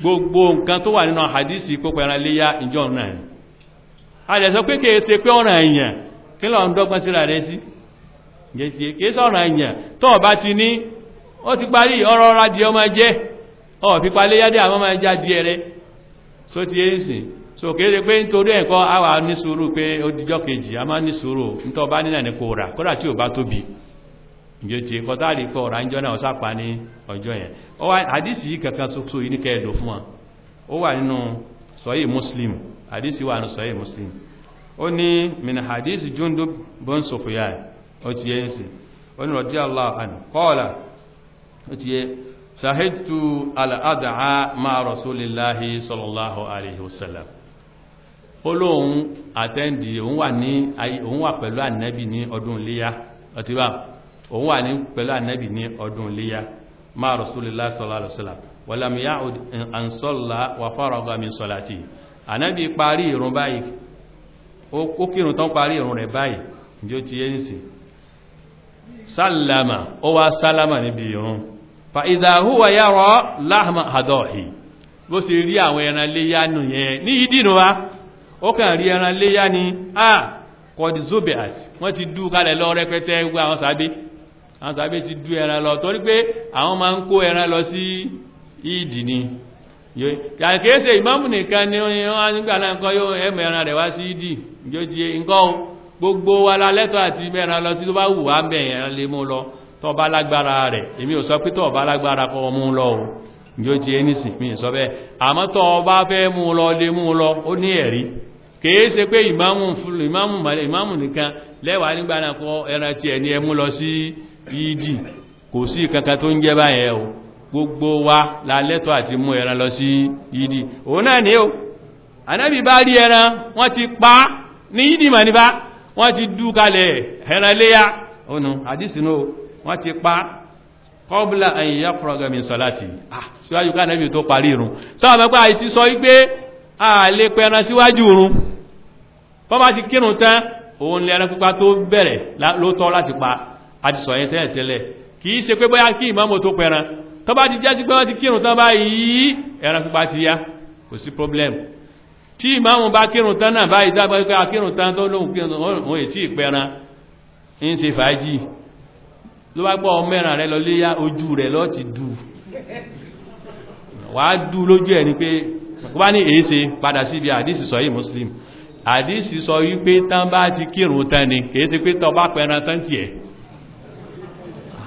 gbogbo nkan tó wà nínú àhàdísì kó pẹ̀ran léyá ìjọ ọ̀nà ẹ̀ àjẹ̀sọ pé kèé se pé ọ̀ràn èèyàn kí lọ ń dọ́gbọ́n síra rẹ̀ sí gẹ̀ẹ́sì kèé èèyàn tó ọ̀bá ti ní ó ti parí ọ̀rọ̀ ọ̀rá ọmọ jẹ́ ọ̀fipá léyá dé àwọn ọmọ ẹja di so kèé pé nítorí ẹ̀kọ́ àwà ní sùúrù pé ó dijọ́ kejì a ní sùúrù ní ìjọtí kọtá àríkọ ọ̀rà ìjọ náà sápa ní ọjọ́ yẹn ó wá àdísì kankan ṣoṣo yìí ní kẹ́ẹ̀lò fún wọn ó wà nínú sọ́yí muslim àdísì wà ní sọ́yí muslim ó ní min àdísì jundub bọ́n sọ̀fòyà ó ti yẹ́ sí ó ní radiyallahu anhu qala ó al-adha ma rasulillahi sallallahu alaihi wasallam ó lóun àtẹ́ndì òun wà pẹ̀lú ànábì ní ọdún iléyá ọtíbáà òun wà ní pẹ̀lú ànábì ní ọdún iléyà máa rasulillah sallallahu alaihi wasallam walam ya'ud an salla wa faraga min parí ìrun báyìí ó kírun tán parí ìrun rẹ̀ báyìí ǹjẹ́ ti yé ní wa ni a zobe àti wọ́n ti gbogbo àwọn àwọn sàbẹ́ ti dú ẹran lọ torí pé àwọn máa ń kó ẹran lọ sí ìdì ni kàkèése ìmáàmù nìkan ni wọ́n nígbà náà nǹkan yóò ẹmọ ẹran rẹ̀ wá sí ìdì nǹkan gbogbo wa la àti mẹ́ran lọ sí tó bá wù lè mú lọ bá kèése pé ìmáàmù nìkan lẹ́wàá ẹran ẹni ẹmú lọ sí ìdì kò sí kankan tó ń jẹ́ báyẹ̀ o gbogbo wa lálẹ́tọ̀ àti mú ẹran lọ sí ìdì òun náà ní o anábì bá rí ẹran wọ́n ti pa ní ìdì mà ní bá wọ́n ti dú kalẹ̀ ẹran léyà ònà àdísínú wọ́n ti pa kọ́bùlà àyíyá fọ́gàmì sọ́láti síwájú ká anábì tó parí irun sọ́wọ́n mẹ́pẹ́ àti sọ̀yẹn tẹ́lẹ̀ tẹ́lẹ̀ kì í ṣe pé bóyá kí ìmọ́mù tó pẹran tó bá ti jẹ́ sí pé wọ́n ti kírun tán báyìí ẹran pípa ti yá kò sí problem tí ìmọ́mù bá kírun tán náà báyìí dágbà pé akírun tán tó lóhun kírun òun ètí ìpẹran ń ṣe fàájì ló bá gbọ́ mẹ́ràn rẹ lọ léyà ojú rẹ lọ ti dù wàá dù lójú ẹ̀ ni pé wá ní èése padà síbi àdísì sọ yìí muslim àdísì sọ wípé tán bá ti kírun tán ni kèé pé tán bá pẹran tán tiẹ̀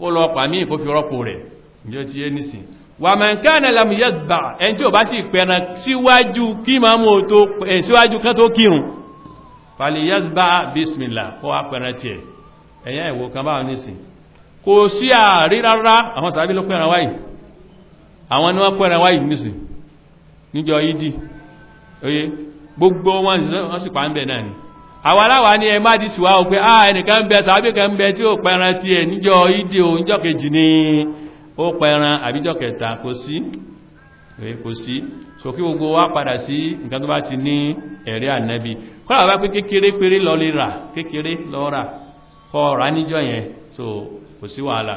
kó lọ pà mí ìkó fi rọ́pò rẹ̀ yóò ti yé nìsìn wà mẹ́ káàna lamu yẹ́sbà ẹn tí ò bá ti pẹ̀rẹ̀ síwájú kí ma mú tó síwájú kan tó kírun fàlì yẹ́sbà bismillah kó wá pẹ̀rẹ̀ tí ẹ̀ ẹ̀yẹ́ ìwò kan bá nìsìn kò sí àrí rárá àwọn sàábí ló pẹ̀rẹ̀ wáyì àwọn ni wọ́n pẹ̀rẹ̀ wáyì nìsìn níjọ ìdí oye gbogbo wọn sì pa ń bẹ̀ náà ni àwọn aláwà ní ẹmá dìsí wá pé ah ẹnìkan bẹ sàábí kan bẹ tí ó pẹran tí ẹ níjọ ìdí o níjọ kejì ní ó pẹran àbíjọ kẹta kò sí kò sí so kí gbogbo wá padà sí nǹkan tó bá ti ní ẹ̀rí ànẹ́bí kọ́lá wá pé kékeré péré lọ lè rà kékeré lọ rà kọ́ rà níjọ yẹn so kò sí wàhálà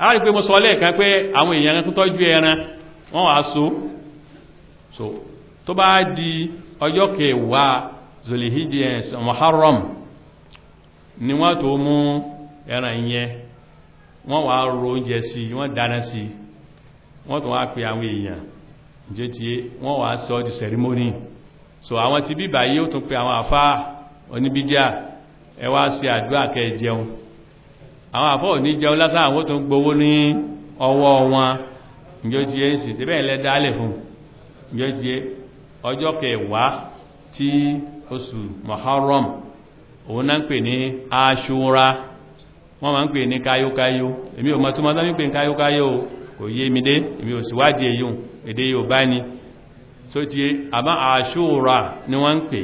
a rí pé mo sọ lẹ́ẹ̀kan pé àwọn èèyàn tó tọ́jú ẹran wọ́n wá so tó bá di ọjọ́ kẹwàá zolihidiyans muharram ni wọ́n tó mú ẹran yẹn wọ́n wá ro oúnjẹ sí wọ́n dáná sí wọ́n tó wá pè àwọn èèyàn jẹ́ tí wọ́n wá sọ di ceremony so àwọn ti bíbà yìí ó tún pè àwọn àfáà oníbídíà ẹ wá sí àdúrà kẹ́ jẹun àwọn àfọ́ òní jẹun àwọn tó gbowó ní ọwọ́ wọn ìjọ ti yẹ́ sì tẹ́bẹ̀ ilẹ̀ dálẹ̀ fún ìjọ ti yẹ́ ọjọ́ kẹwàá tí oṣù Muharram òun náà pè ní Ashura wọ́n ma ń pè ní káyókáyó èmi ò mọ̀ tó ń pè ní káyókáyó kò yé mi dé èmi ò síwádìí èyún èdè yóò bá ní tó ti àbá Ashura ni wọ́n ń pè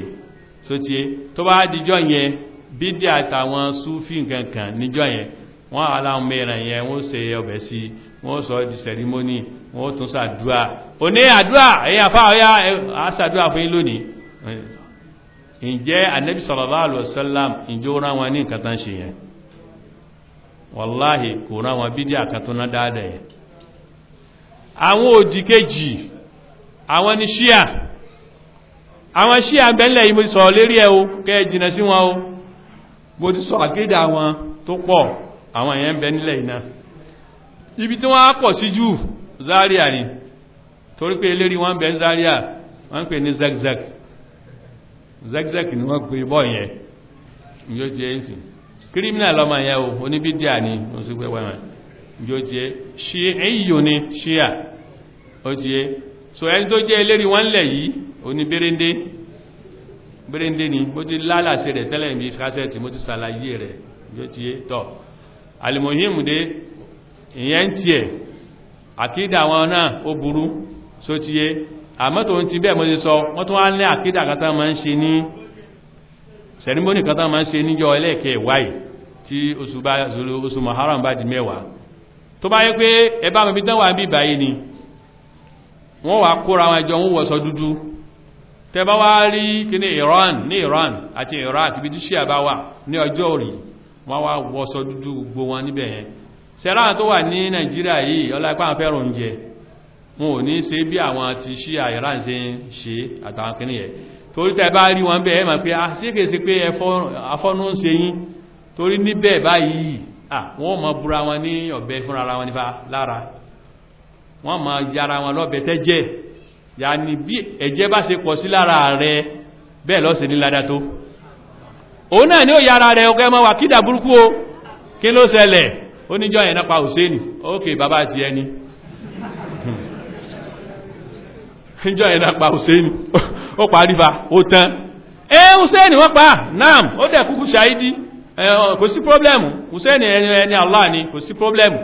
tó ti tó bá dijọ́ yẹn bídí àtàwọn súfí nkankan níjọ yẹn wọ́n aláwọn mẹ́rin yẹn wọ́n ṣe ọbẹ̀ sí wọ́n sọ di sẹ̀rímónì wọ́n tún sàdúà o ní àdúà èyí àfá ọ̀yá fún yín wọn ní nǹkan tán ṣe yẹn wàláhì kò rán wọn bídí àkàtúná dáadáa yẹn àwọn òdì kejì àwọn ni ṣíà àwọn ṣíà bẹ́ńlẹ̀ yìí mo sọ̀rọ̀ lérí ẹ̀ o kẹ́ jìnà sí wọn o bó ti sọ àkédà wọn tó pọ̀ àwọn èèyàn bẹ nílẹ̀ ibi tí wọ́n á pọ̀ sí jù Zaria ni torí pé eléri wọ́n bẹ Zaria wọ́n pè ní zegzeg zegzeg ni wọ́n pè bọ́ yẹn yóò ti ẹ́yìn sí kírímìnà lọ́mọ yẹn o oníbídíà ni ó sì pẹ́ wọ́n yóò ti ẹ́ ṣe èyíyò ni ṣíà ó ti ẹ́ so ẹni tó jẹ́ eléri wọ́n lẹ̀ yìí bẹ́rẹ́ndé ni mo ti lálàṣẹ rẹ̀ tẹ́lẹ̀ ìbí kásẹ̀tì mo ti sàlàyé rẹ̀ yóò ti yé tọ́ alìmọ̀hímù dé ìyẹn ń tiẹ̀ àkídà wọn náà ó burú só ti yé àmọ́tò ń ti bẹ́ẹ̀ mo ti sọ wọ́n tún wá ní àkídà kátá máa ń ṣe ní sẹ̀rímọ́nì kátá máa ń ṣe níjọ ẹlẹ́ẹ̀kẹ́ ìwáyì tí oṣù maharam bá di mẹ́wàá tó bá yẹ pé ẹbá mi bí dánwà bí báyìí ni wọ́n wà kóra wọn ẹjọ́ wọ́n wọ́sọ dúdú tẹba wá rí kí ní Iran ní Iran àti Iraq ibi tí ṣíà bá wà ní ọjọ́ orí wọ́n wá wọ́sọ dúdú gbogbo wọn níbẹ̀ yẹn sẹ́ráà tó wà ní Nàìjíríà yìí ọlápá àwọn oúnjẹ wọn ò ní ṣe bí àwọn ti ṣíà Iran ṣe ń ṣe àtàwọn kìíní yẹn torí tẹba rí wọn bẹ́ẹ̀ mọ̀ pé àṣíkèsí ah, pé afọ́nú ń ṣe yín torí níbẹ̀ báyìí wọ́n mọ̀ búra wọn ní ọ̀bẹ fúnra wọn nípa lára wọ́n mọ̀ yára wọn lọ́bẹ̀ tẹ́jẹ́ ya ni bí ẹ̀jẹ́ bá ṣe pọ̀ sí lára rẹ bẹ́ẹ̀ lọ́sẹ̀ ní ládá tó òun náà ní ó yára rẹ ọkẹ́ mọ́ wà o kí ló ṣẹlẹ̀ ó níjọ́ ẹ̀nà pa Hùsẹ́nì oke bàbá ti ẹni níjọ́ ẹ̀nà pa Hùsẹ́nì ó parífa ó tán ẹ Hùsẹ́nì wọ́n pa nam ó dẹ̀ kúkú ṣàídí kò sí pọ́blẹ́mù eni ẹni Allah ni kò sí pọ́blẹ́mù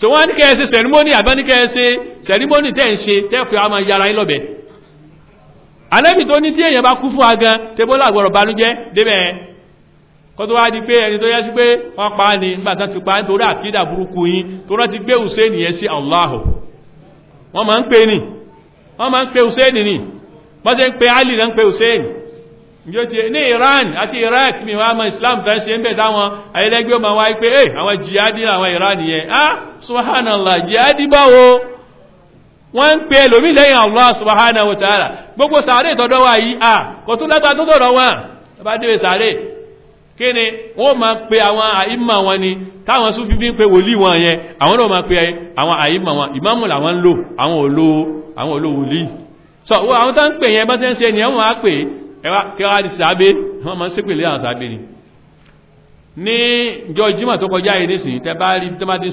so wọ́n ní kẹ́ ṣe sẹ̀rímọ́nì àbẹ́ ní kẹ́ ṣe sẹ̀rímọ́nì tẹ́ ṣe tẹ́fì àmà yàrá yín lọ́bẹ̀ alẹ́bì tó ní tí èyàn bá kú fún agan tébólà àgbọ̀rọ̀ banújẹ́ débẹ̀ kọ́ tó wá di pé ẹni tó yẹ́ sí pé wọ́n pa ní gbàtàn ti pa nítorí àkídà burúkú yín tó rán ti gbé yẹn sí Allahu wọ́n máa ń pè ní yóò ti ní iran àti iraq mi wọ́n islam fẹ́ ṣe ń bẹ̀ táwọn ayẹlẹ́gbẹ́ ọmọ wáyé pé ẹ àwọn jihadi àwọn iran yẹn ah subhanallah jihadi báwo wọ́n ń pè lómi lẹ́yìn allah subhanahu wa ta'ala gbogbo sàárè tọ́dọ́ yìí ah kò tún lẹ́ta tó tọ́dọ̀ wọn ni wọ́n ma pe àwọn àìmà wọn ni táwọn sún wòlí wọn yẹn àwọn ma àwọn àìmà wọn ìmáàmù làwọn lò àwọn olówó wòlí so àwọn pè yẹn bá kíwá di sàábé wọ́n ma ń sí pèlé àwọn sàábé ni ní jọ jímọ̀ tó kọjá yìí nísìn tẹ bá rí tó bá ti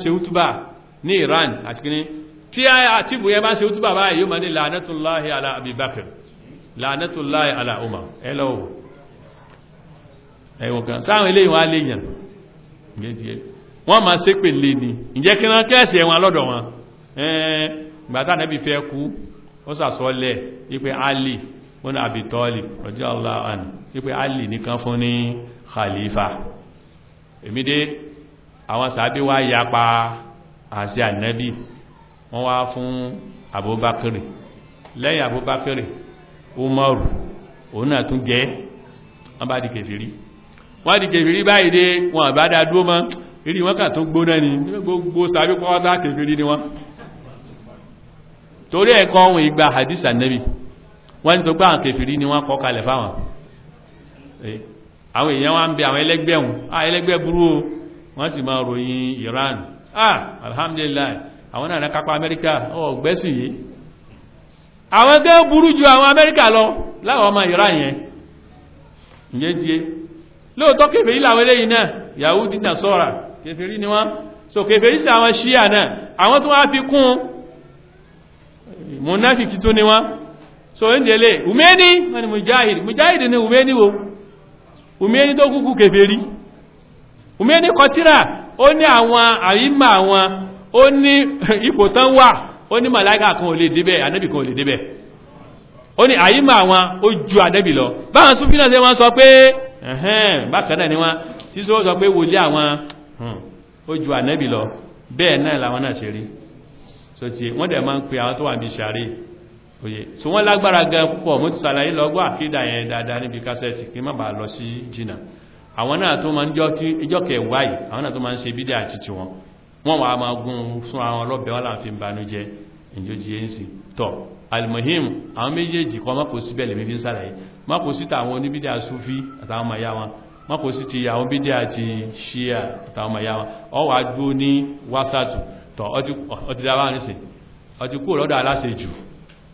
ní Iran àti kìíní tí àtìbù yẹn bá ṣe útúbà báyìí ma ní lànàtúláhì ala Abi lànàtúláhì ala Umar ẹlọ́wọ̀ ẹ̀wọ̀n kan sáwọn ilé ìwọ̀n aléyàn wọ́n ma ṣe pèlé ni ìjẹ́ kí wọ́n kẹ́ẹ̀sì ẹ̀wọ̀n alọ́dọ̀ wọn ẹ̀ẹ́ gbàtà nẹ́bí fẹ́ ó Ali ibn Abi Talib radiyallahu anhu wípé Ali nìkan fún ní khalifa èmi dé àwọn sàábí wá yapa àṣẹ ànábì wọ́n wá fún Abubakar lẹ́yìn Abubakar Umaru òun náà tún jẹ́ wọ́n bá di kèfèrí wọ́n di kèfèrí báyìí dé wọn bá dá dúó mọ́ ìrí wọ́n kà tó gbóná ni gbogbo sàábí pọ́wọ́ta kèfèrí ni wọ́n torí ẹ̀kọ́ ohun ìgbà hadith ànábì wọ́n ní tó pé àwọn ni wọ́n kọ́ kalẹ̀ fáwọn àwọn èèyàn wọ́n ń bẹ àwọn ẹlẹ́gbẹ́ wọn ah ẹlẹ́gbẹ́ burú o wọ́n sì máa ròyìn Iran ah alhamdulillah àwọn náà kápá Amẹ́ríkà ọ̀ gbẹ́sì yìí àwọn gẹ́ burú ju àwọn Amẹ́ríkà lọ láwọn ọmọ Iran yẹn ǹjẹ́ tiẹ́ lóòótọ́ kèfèrí làwọn eléyìí náà Yahudi náà sọ́ra kèfèrí ni wọ́n so kèfèrí sí àwọn Shia náà àwọn tó wá fi kún munafiki tó ni wọ́n so yin dele umeni wani mujahid mujahid ni umeni wo umeni to kúkú kèfèrí umeni kọtíra ó ní àwọn àyíma àwọn ó ní ipò tán wà ó ní màláìkà kan ò lè débẹ̀ ànábì kan ò lè débẹ̀ ó ní àyíma àwọn ó ju ànábì lọ báwọn súnfí náà sí wọ́n sọ pé ẹ̀hẹ́n ni wọ́n tí sọ sọ pé wòlé àwọn hmm, ó ju ànábì lọ bẹ́ẹ̀ náà làwọn náà ṣe so ti wọ́n dẹ̀ máa ń pe àwọn tó wà ní sàárè oye so wọ́n lágbára gan púpọ̀ mo ti sàlàyé lọ́gbọ́ àkídà yẹn dáadáa níbi kásẹ̀tì kí má bàa lọ sí jìnà àwọn náà tó máa ń jọ́ kẹwàá yìí àwọn náà tó máa ń ṣe bídà àti tiwọn wọ́n wà máa gún fún àwọn ọlọ́bẹ̀ wọ́n láàfin ìbànújẹ́ ìjọjí ẹ̀yìnsì tọ́ alimohim àwọn méjèèjì kan mọ́kò sí bẹ̀lẹ̀ mífí ń sàlàyé kúrò lọ́dọ̀ aláṣejù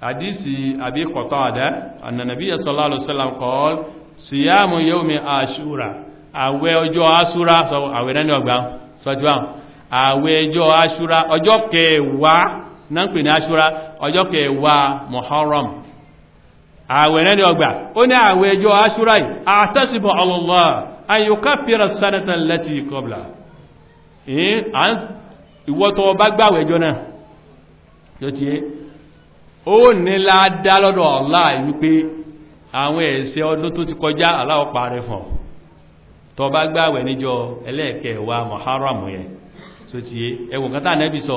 hadisi abi qatada anna nabiyya sallallahu alaihi wasallam qol siyamu yawmi ashura àwẹ̀ ọjọ́ ashura so àwẹ̀ nani ogba so ti wa àwẹ̀ ọjọ́ ashura ọjọ́ kẹwàá na npe ni ashura ọjọ́ kẹwàá muharram àwẹ̀ nani ogba ó ní àwẹ̀ ọjọ́ ashura yìí atasibu allah an yukaffira sanata allati qabla eh an ìwọ tó bá gbàwẹ̀ ọjọ́ náà yo ti ó ní láàdá lọ́dọ̀ Allah wípé àwọn ẹ̀ṣẹ̀ ọdún tó ti kọjá aláọ̀pá rẹ̀ fàn tó bá gbàwẹ̀ níjọ ẹlẹ́ẹ̀kẹwàá Muharram yẹn so ti yé ẹwùn kan nẹ́bí sọ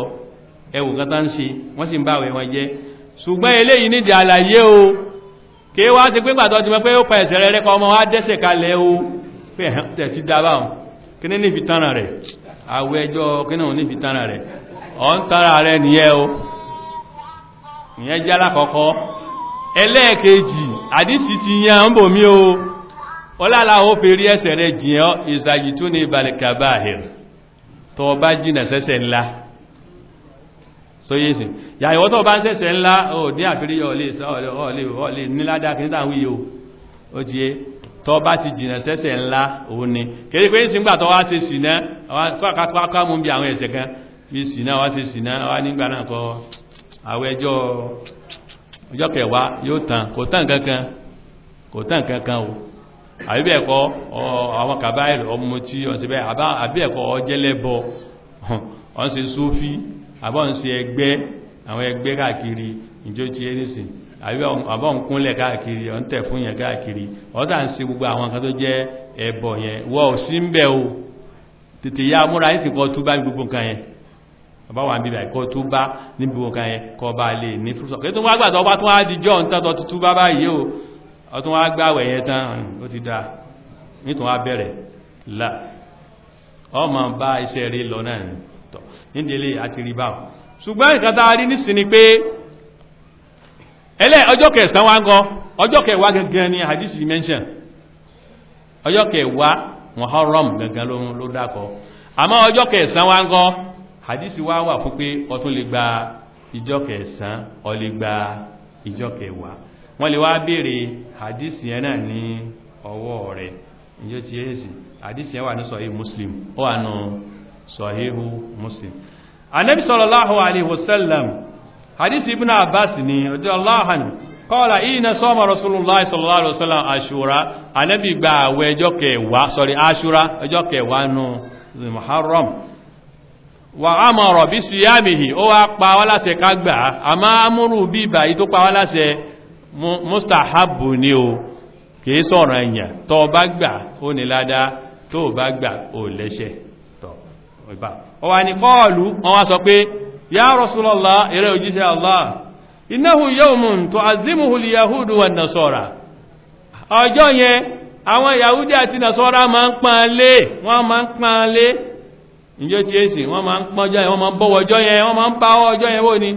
ẹwùn kan ń ṣe wọ́n sì ń jẹ́ o kí wá sí pé ti mọ́ pé ó pa ẹ̀ṣẹ̀ rẹ̀ rẹ́kọ́ ọmọ wá dẹ́ṣẹ̀ kalẹ̀ o pé ti dábà wọn kí ní rẹ̀ ìyẹn jẹ́ alákọ̀ọ́kọ́ ẹlẹ́ẹ̀kejì àdísì ti yẹn ń bò mí o ọlálà ó fi rí ẹsẹ̀ rẹ jìyàn ìsàjì tó ní ìbàlẹ̀kàbà hìr tó bá jìnà sẹ́sẹ̀ ńlá so yé sí yàyọ̀ tó bá sẹ́sẹ̀ ńlá ò ní wá wá nígbà náà kọ́ àwọn ẹjọ́ ọjọ́ kẹwàá yóò tàn kò tàn kankan kò tàn kankan o àbíbẹ̀ẹ̀kọ́ àwọn ọmọ tí ọ̀sẹ̀bẹ̀ àbíbẹ̀ẹ̀kọ́ ọjẹ́lẹ́bọ sófí ẹgbẹ́ àwọn ẹgbẹ́ káàkiri ìjó ti ẹ́rìsìn àbọ̀nkúnlẹ̀ káàkiri fún yẹn káàkiri ọ̀dá gbogbo àwọn kan tó jẹ́ ẹbọ yẹn wọ́n sí ń bẹ̀ o tètè yá múra ìsìnkọ́ túbá gbogbo yẹn bàbá wà níbi ẹ̀kọ́ tó bá níbi wọn kan yẹn kọ bá lè ní fúrúsọ̀ kí tó wá gbàtọ̀ bá tún wá di jọ́ ń tàtọ̀ tútú bá báyìí o ọtún wá gbàwẹ̀ yẹn tán ó ti dáa nítún wá bẹ̀rẹ̀ là ọmọ bá iṣẹ́ rí lọ náà tọ̀ nídìílé àti rí báwọn ṣùgbọ́n nǹkan tá a rí nísìn ni pé ẹlẹ́ ọjọ́ kẹsàn wá ń gan ọjọ́ kẹwàá gangan ni hadisi mention ọjọ́ kẹwàá muharram gangan ló ọjọ́ kẹsàn wá ń gan hadisi wa wà fún pé ọtún lè gba ìjọ kẹsàn ó lè gba ìjọ kẹwàá wọ́n lè wá béèrè hadisi yẹn náà ní ọwọ́ rẹ̀ ìjọ ti yẹ́sì hadisi yẹn wà ní sọ̀hí muslim ó wà nù sọ̀híhu muslim anabi sallallahu alaihi wasallam hadisi ibn abbas ni ọjọ́ aláhàn kọ́ọ̀lá ìyínà sọ́mà rasulullah sallallahu alaihi wasallam ashura anabi gba àwẹ̀ ọjọ́ kẹwàá sorry ashura ọjọ́ kẹwàá nù muharram wà ámọ̀rọ̀ bí sí àmìhì ó wá pa wá láṣẹ ká gbà á má múrù bí ìbàyí tó pa wá láṣẹ mustahabu ni o kìí sọ̀rọ̀ èèyàn tó bá gbà ó ní ládá tó bá gbà ó lẹ́ṣẹ̀ tọ̀ ọ̀gbà ọjọ́ yẹn àwọn yahudi àti nasọ́ra máa ń pán lé wọ́n máa ń pán lé ìjọ tí èsì wọ́n ma ń pọ́jọ́ yẹn wọ́n ma ń bọ́wọ́ ọjọ́ yẹn wọ́n ma ń pàwọ́ ọjọ́ yẹn wó ní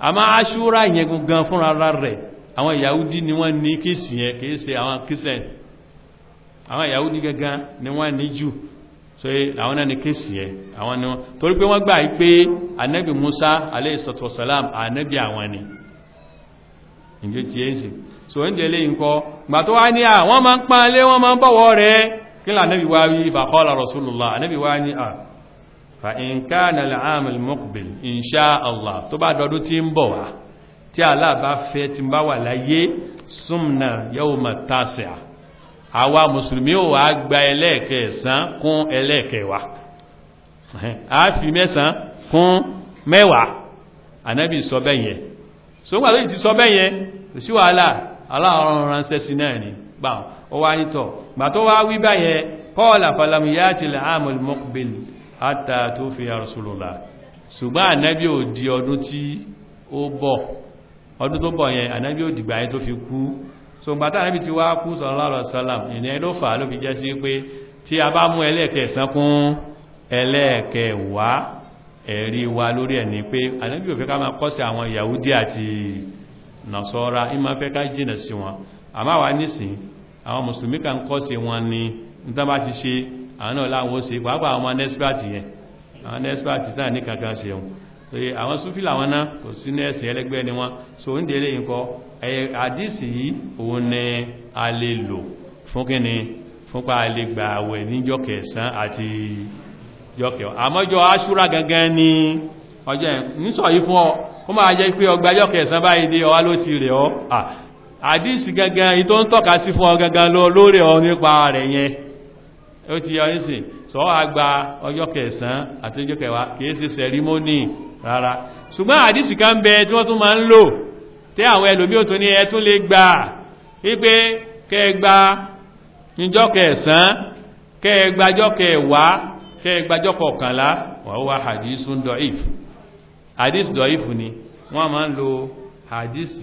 a máa aṣúra ìyẹn gangan fúnra rẹ̀ àwọn Yahudi ni wọ́n ní kìsì yẹn kìí ṣe àwọn Christian àwọn Yahudi gangan ni wọ́n ní jù so àwọn náà ní kìsì yẹn àwọn ni wọ́n torí pé wọ́n gbà pé anabi Musa aleyhisselam anabi àwọn ni ìjọ tí èsì so ń délé nǹkan gbà tó wá ní à wọ́n ma ń pánlé wọ́n ma ń bọ̀wọ́ Rasulullah ànàbí wá ní fa in kana al-aam al-muqbil insha Allah tó bá dọdún tí ń bọ̀ wá tí Allah bá fẹ́ tí ń bá wà láyé sumna yawma tasi'a àwa mùsùlùmí ò wá gba ẹlẹ́ẹ̀kẹsàn kún ẹlẹ́ẹ̀kẹwàá a fi mẹ́sàn kún mẹ́wàá ànábì sọ bẹ́yẹn so gbà lóyìn ti sọ bẹ́yẹn kò hátà tó fi àrùsùlùlà ṣùgbọ́n ànábí ò di ọdún tí ó bọ̀ ọdún tó bọ̀ yẹn ànábí ò dìgbà yẹn tó fi kú so ń bàtà ànábí ti wá kú sallallahu alaihi wasallam ìyẹn ló fà sí pé a bá mú ẹlẹ́ẹ̀kẹsán wa lórí ẹ̀ ni pé ànábí ò fẹ́ ká máa kọ́sẹ̀ àwọn Yahudi àti Nasara ìmọ̀ fẹ́ ká jìnà sí wọn àmáwá nísìn àwọn mùsùlùmí bá ti ṣe àwọn náà láwọn ṣe pàápàá àwọn anẹ́sìpàtì yẹn àwọn anẹ́sìpàtì náà ní kankan ṣe wọn torí àwọn súnfìlà wọn náà kò sí ní ẹ̀sìn ẹlẹ́gbẹ́ ni wọn so ń délé nǹkan àdísì yìí òun ni a lè lò fún kíni fúnpa lè gbà àwẹ̀ níjọ́ kẹsàn àti jọ́kẹ̀ àmọ́jọ́ aṣúra gangan ni ọjọ́ ẹ̀ nísọ̀ yìí fún ọ kó máa jẹ́ pé àdísì gangan ìtọ́ ń tọ́ka sí fún ọ gangan lọ lórí ọ nípa rẹ̀ yẹn ó ti yọ ìsìn sọ àgbà ọjọ́ kẹsàn àti ọjọ́ kẹwàá kìí ṣe sẹ̀rímónì rárá ṣùgbọ́n àdísì ká ń bẹ tí wọ́n tún máa ń lò tí àwọn ẹlòmí ò tó ní ẹtún lè gbà wípé kẹgbà níjọ́ kẹsàn kẹgbàjọ́ kẹwàá kẹgbàjọ́ kọkànlá wọ́n wá ń àdísì if ni wọ́n máa ń lo àdísì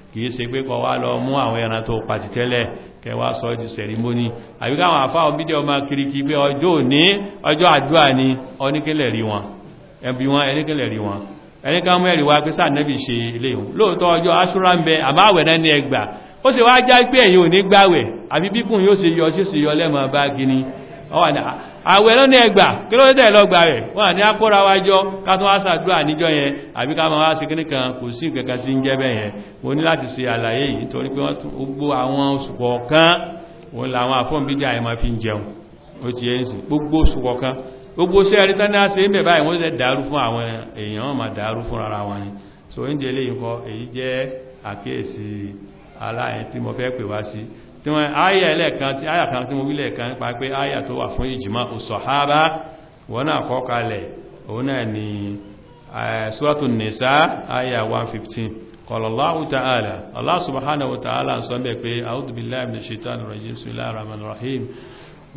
kìí ṣe pé kọ wá lọ mú àwọn ẹran tó pàtì tẹ́lẹ̀ kẹwà sọ di sẹ̀rímóní àbíká àwọn àfá òbídẹ̀ ọmọ kìrìkì pé ọjọ́ òní ọjọ́ àdúrà ni oníkẹ́lẹ̀ rí wọn ẹbí wọn ẹníkẹ́lẹ̀ rí wọn ẹníkà mú ẹ̀rí wa pé sáànẹ́bì ṣe ilé ìhùn lóòótọ́ ọjọ́ aṣúra ń bẹ àmáwẹ̀ náà ní ẹgbà ó sì wá já pé ẹ̀yìn ọwàdà àwẹ̀ lọ́nà ẹgbà kí ló dẹ̀ lọ́gbà rẹ̀ wọ́n ní àkóra wa jọ ká tó wá sàdúrà níjọ́ yẹn àbí ká máa wá sí kíníkan kò sí ìkẹ́kẹ́ tí ń jẹ́ bẹ́ yẹn mo ní láti ṣe àlàyé yìí torí pé wọ́n gbó àwọn oṣù kọ̀ọ̀kan wọ́n làwọn àfọ́nbídà ẹ̀ máa so oúnjẹ eléyìí kọ èyí jẹ́ àkíyèsí aláyẹn tí tí wọ́n áyà ẹlẹ́ẹ̀kan tí áyà kan tí mo wílẹ̀ kan nípa pé áyà tó wà fún ìjìmá ọ̀sọ̀hábá wọ́n náà kọ́ kalẹ̀ òun náà ni eh, suratu nisa áyà 115 kọlọ̀láwù ta'ala Allah subhanahu wa ta'ala sọ bẹ́ pé a'udhu billahi minash shaitanir rajim bismillahir rahmanir rahim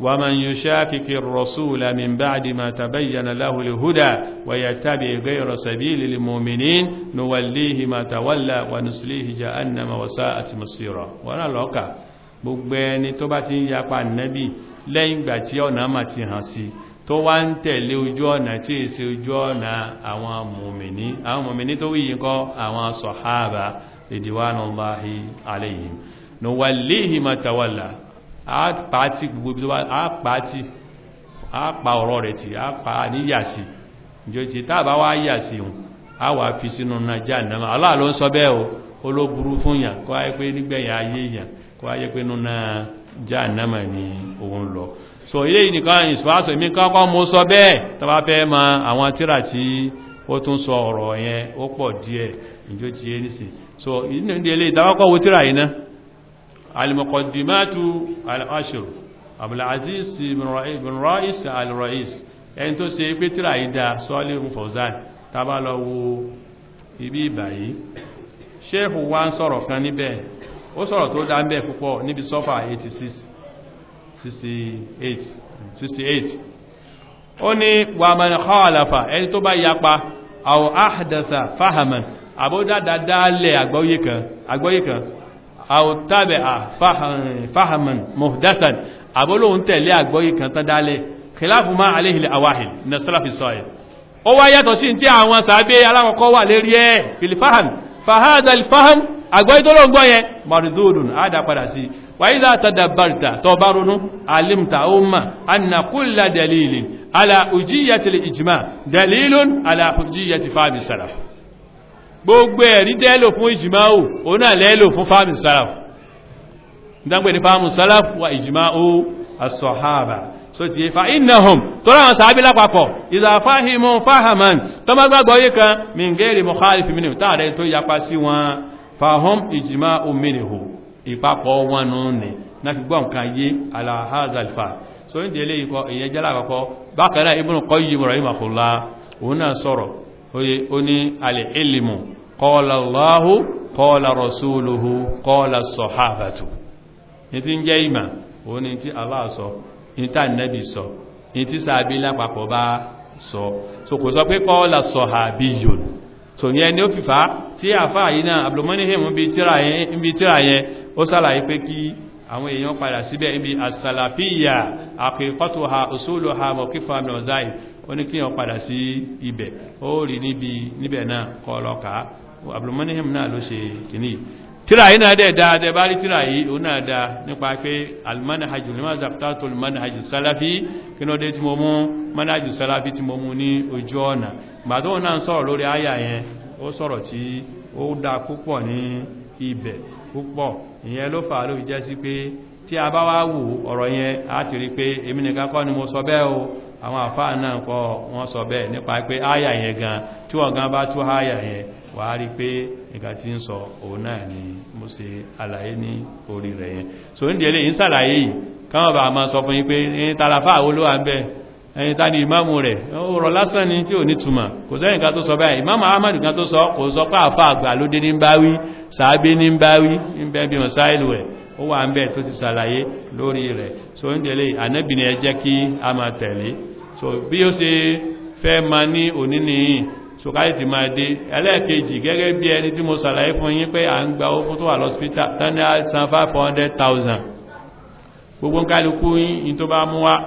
ومن يشاكك الرسول من بعد ما تبين له الهدى ويتبع غير سبيل المؤمنين نوليه gbogbo ẹni tó bá ti ń yapa nẹ́bì lẹ́yìn ìgbà tí ọ̀nà mà ti hàn sí tó wá ń tẹ̀lé ojú ọ̀nà tí è ṣe ojú ọ̀nà àwọn mùmìní àwọn mùmìní tó wíyí kọ́ àwọn sọ̀háàbà ìdíwánuláhí aléyìn nuwallihi ma tawalla àpàtí gbogbo ibi tó bá a wà fi sínú náà jẹ́ ànàmà aláàlọ́ sọ bẹ́ẹ̀ o olóburú fún yàn kọ́ kó wáyé pé nínú jahannama ni òun lọ so ilé ìnìkan ìsìwáṣọ èmi kọ́kọ́ mú sọ bẹ́ẹ̀ tó bá fẹ́ ma àwọn tíra tí ó tún sọ ọ̀rọ̀ yẹn ó pọ̀ díẹ̀ ìjó ti yé nìsìn so ilé ìdáwọ́kọ́ wo tíra yìí náà al-muqaddimatu al-ashr abdulaziz ibn ra'is al-ra'is ẹni tó ṣe pé tíra yìí dáa sọ́ọ́lì Fawzan tábà lọ wo ibi ìbàyí ṣéèfù ó sọ̀rọ̀ tó dá mẹ́ púpọ̀ níbi sọ́fà 86 68 68 ó ní wàmàn khalafa ẹni tó bá yapa àwọn ahdatha fahaman àbódádá dálẹ̀ àgbọ́yé kan àgbọ́yé kan àwọn tàbẹ̀ fahaman muhdathan àbólóhun tẹ̀lé àgbọ́yé kan tán dálẹ̀ khilafu ma aléhìlẹ̀ àwáhìl na salafi sọ́yẹ̀ ó wá yàtọ̀ sí tí àwọn sàábé alákọ̀ọ́kọ́ wà lérí ẹ̀ filifaham fahadal àgbọ́ ìtọ́lọ̀ gbọ́ yẹn maridodun àádá padà sí wàíza tàdàbàrìtà tọba ronú alimta umma anna kulla dalilin ala ujiyyati ijma dalilun ala ujiyyati fahmi salaf gbogbo ẹ̀rí tẹ́lò fún ijma o òun náà lẹ́lò fún fahmi salaf ìdánpẹ̀ ní fahmi salaf wa ijma o as-sahaba so ti fa innahum tora àwọn sahabi lápapọ̀ iza fahimu fahaman tó bá gbàgbọ́ yìí kan min ghairi mukhalifi minhu ta da to yapa sí wọn fahom ìjìmá omínihò ìpapọ̀ wọn nù ní na fi gbọ́n kan yé alahazalfa so ní délé ikọ̀ ìyẹn jẹ́ lákọ̀ọ́kọ́ bákan náà Ibn Qayyim rahimahullah òun náà sọ̀rọ̀ oye ó ní alẹ́ ilimu qala Allahu qala rasuluhu qala sahabatu ní ti ń jẹ́ ìmọ̀ òun ní ti Allah sọ ní ta nẹ́bì sọ ní ti so yẹn ni ó fi fà tí àfáà yìí náà abdulmanihim ń bí tíra yẹn ó sàlàyé pé kí àwọn èèyàn padà síbẹ̀ ibi asàlàfíyà àkẹ́kọ́tò ha òṣòlò ha mọ̀kífà mọ̀záì oníkíyàn padà sí ibẹ̀ ó rí na níbẹ̀ náà náà ló tíra yìí náà dẹ̀ dáadẹ́ bá rí tíra yìí ó náà dá nípa pé almanhaj limaza aftatul manhaj salafi kí náà dé tí mo mú manhaj salafi tí mo mú ní ojú ọ̀nà gbàdó náà sọ̀rọ̀ lórí àyà yẹn ó sọ̀rọ̀ tí ó dá púpọ̀ ní ibẹ̀ púpọ̀ ìyẹn ló fà ló jẹ́ sí pé tí a bá wá wò ọ̀rọ̀ yẹn á ti rí pé èmi nìkan kọ́ ni mo sọ bẹ́ẹ̀ o àwọn àfáà náà kọ́ wọ́n sọ bẹ́ẹ̀ nípa pé áyà yẹn gan tí wọ́n gan bá tú áyà yẹn wà á rí pé ìgbà tí ń sọ òun náà ni mo ṣe àlàyé ní orí rẹ̀ yẹn so ní délé ń sàlàyé yìí káwọn bá máa sọ fún yín pé ẹni tàlàfà olówà ń bẹ́ẹ̀ ẹni ni tí ò ní túmọ̀ kò sẹ́yìn kan tó sọ báyìí ìmáàmù ahmadu kan tó sọ kò sọ pé àfà àgbà ló ó wà ń bẹ̀ tó ti sàlàyé lórí rẹ̀ so ń tẹ̀lé ànẹ́bìnrin ẹ kí a máa tẹ̀lé so bí ó ṣe fẹ́ ma ní òní nìyí so káyì ti máa dé ẹlẹ́ẹ̀kejì gẹ́gẹ́ bí ẹni tí mo sàlàyé fún yín pé à ń gba owó tó wà lọ́spítà tán ní àìsàn 500,000 gbogbo ń kálukú yín tó bá mú wá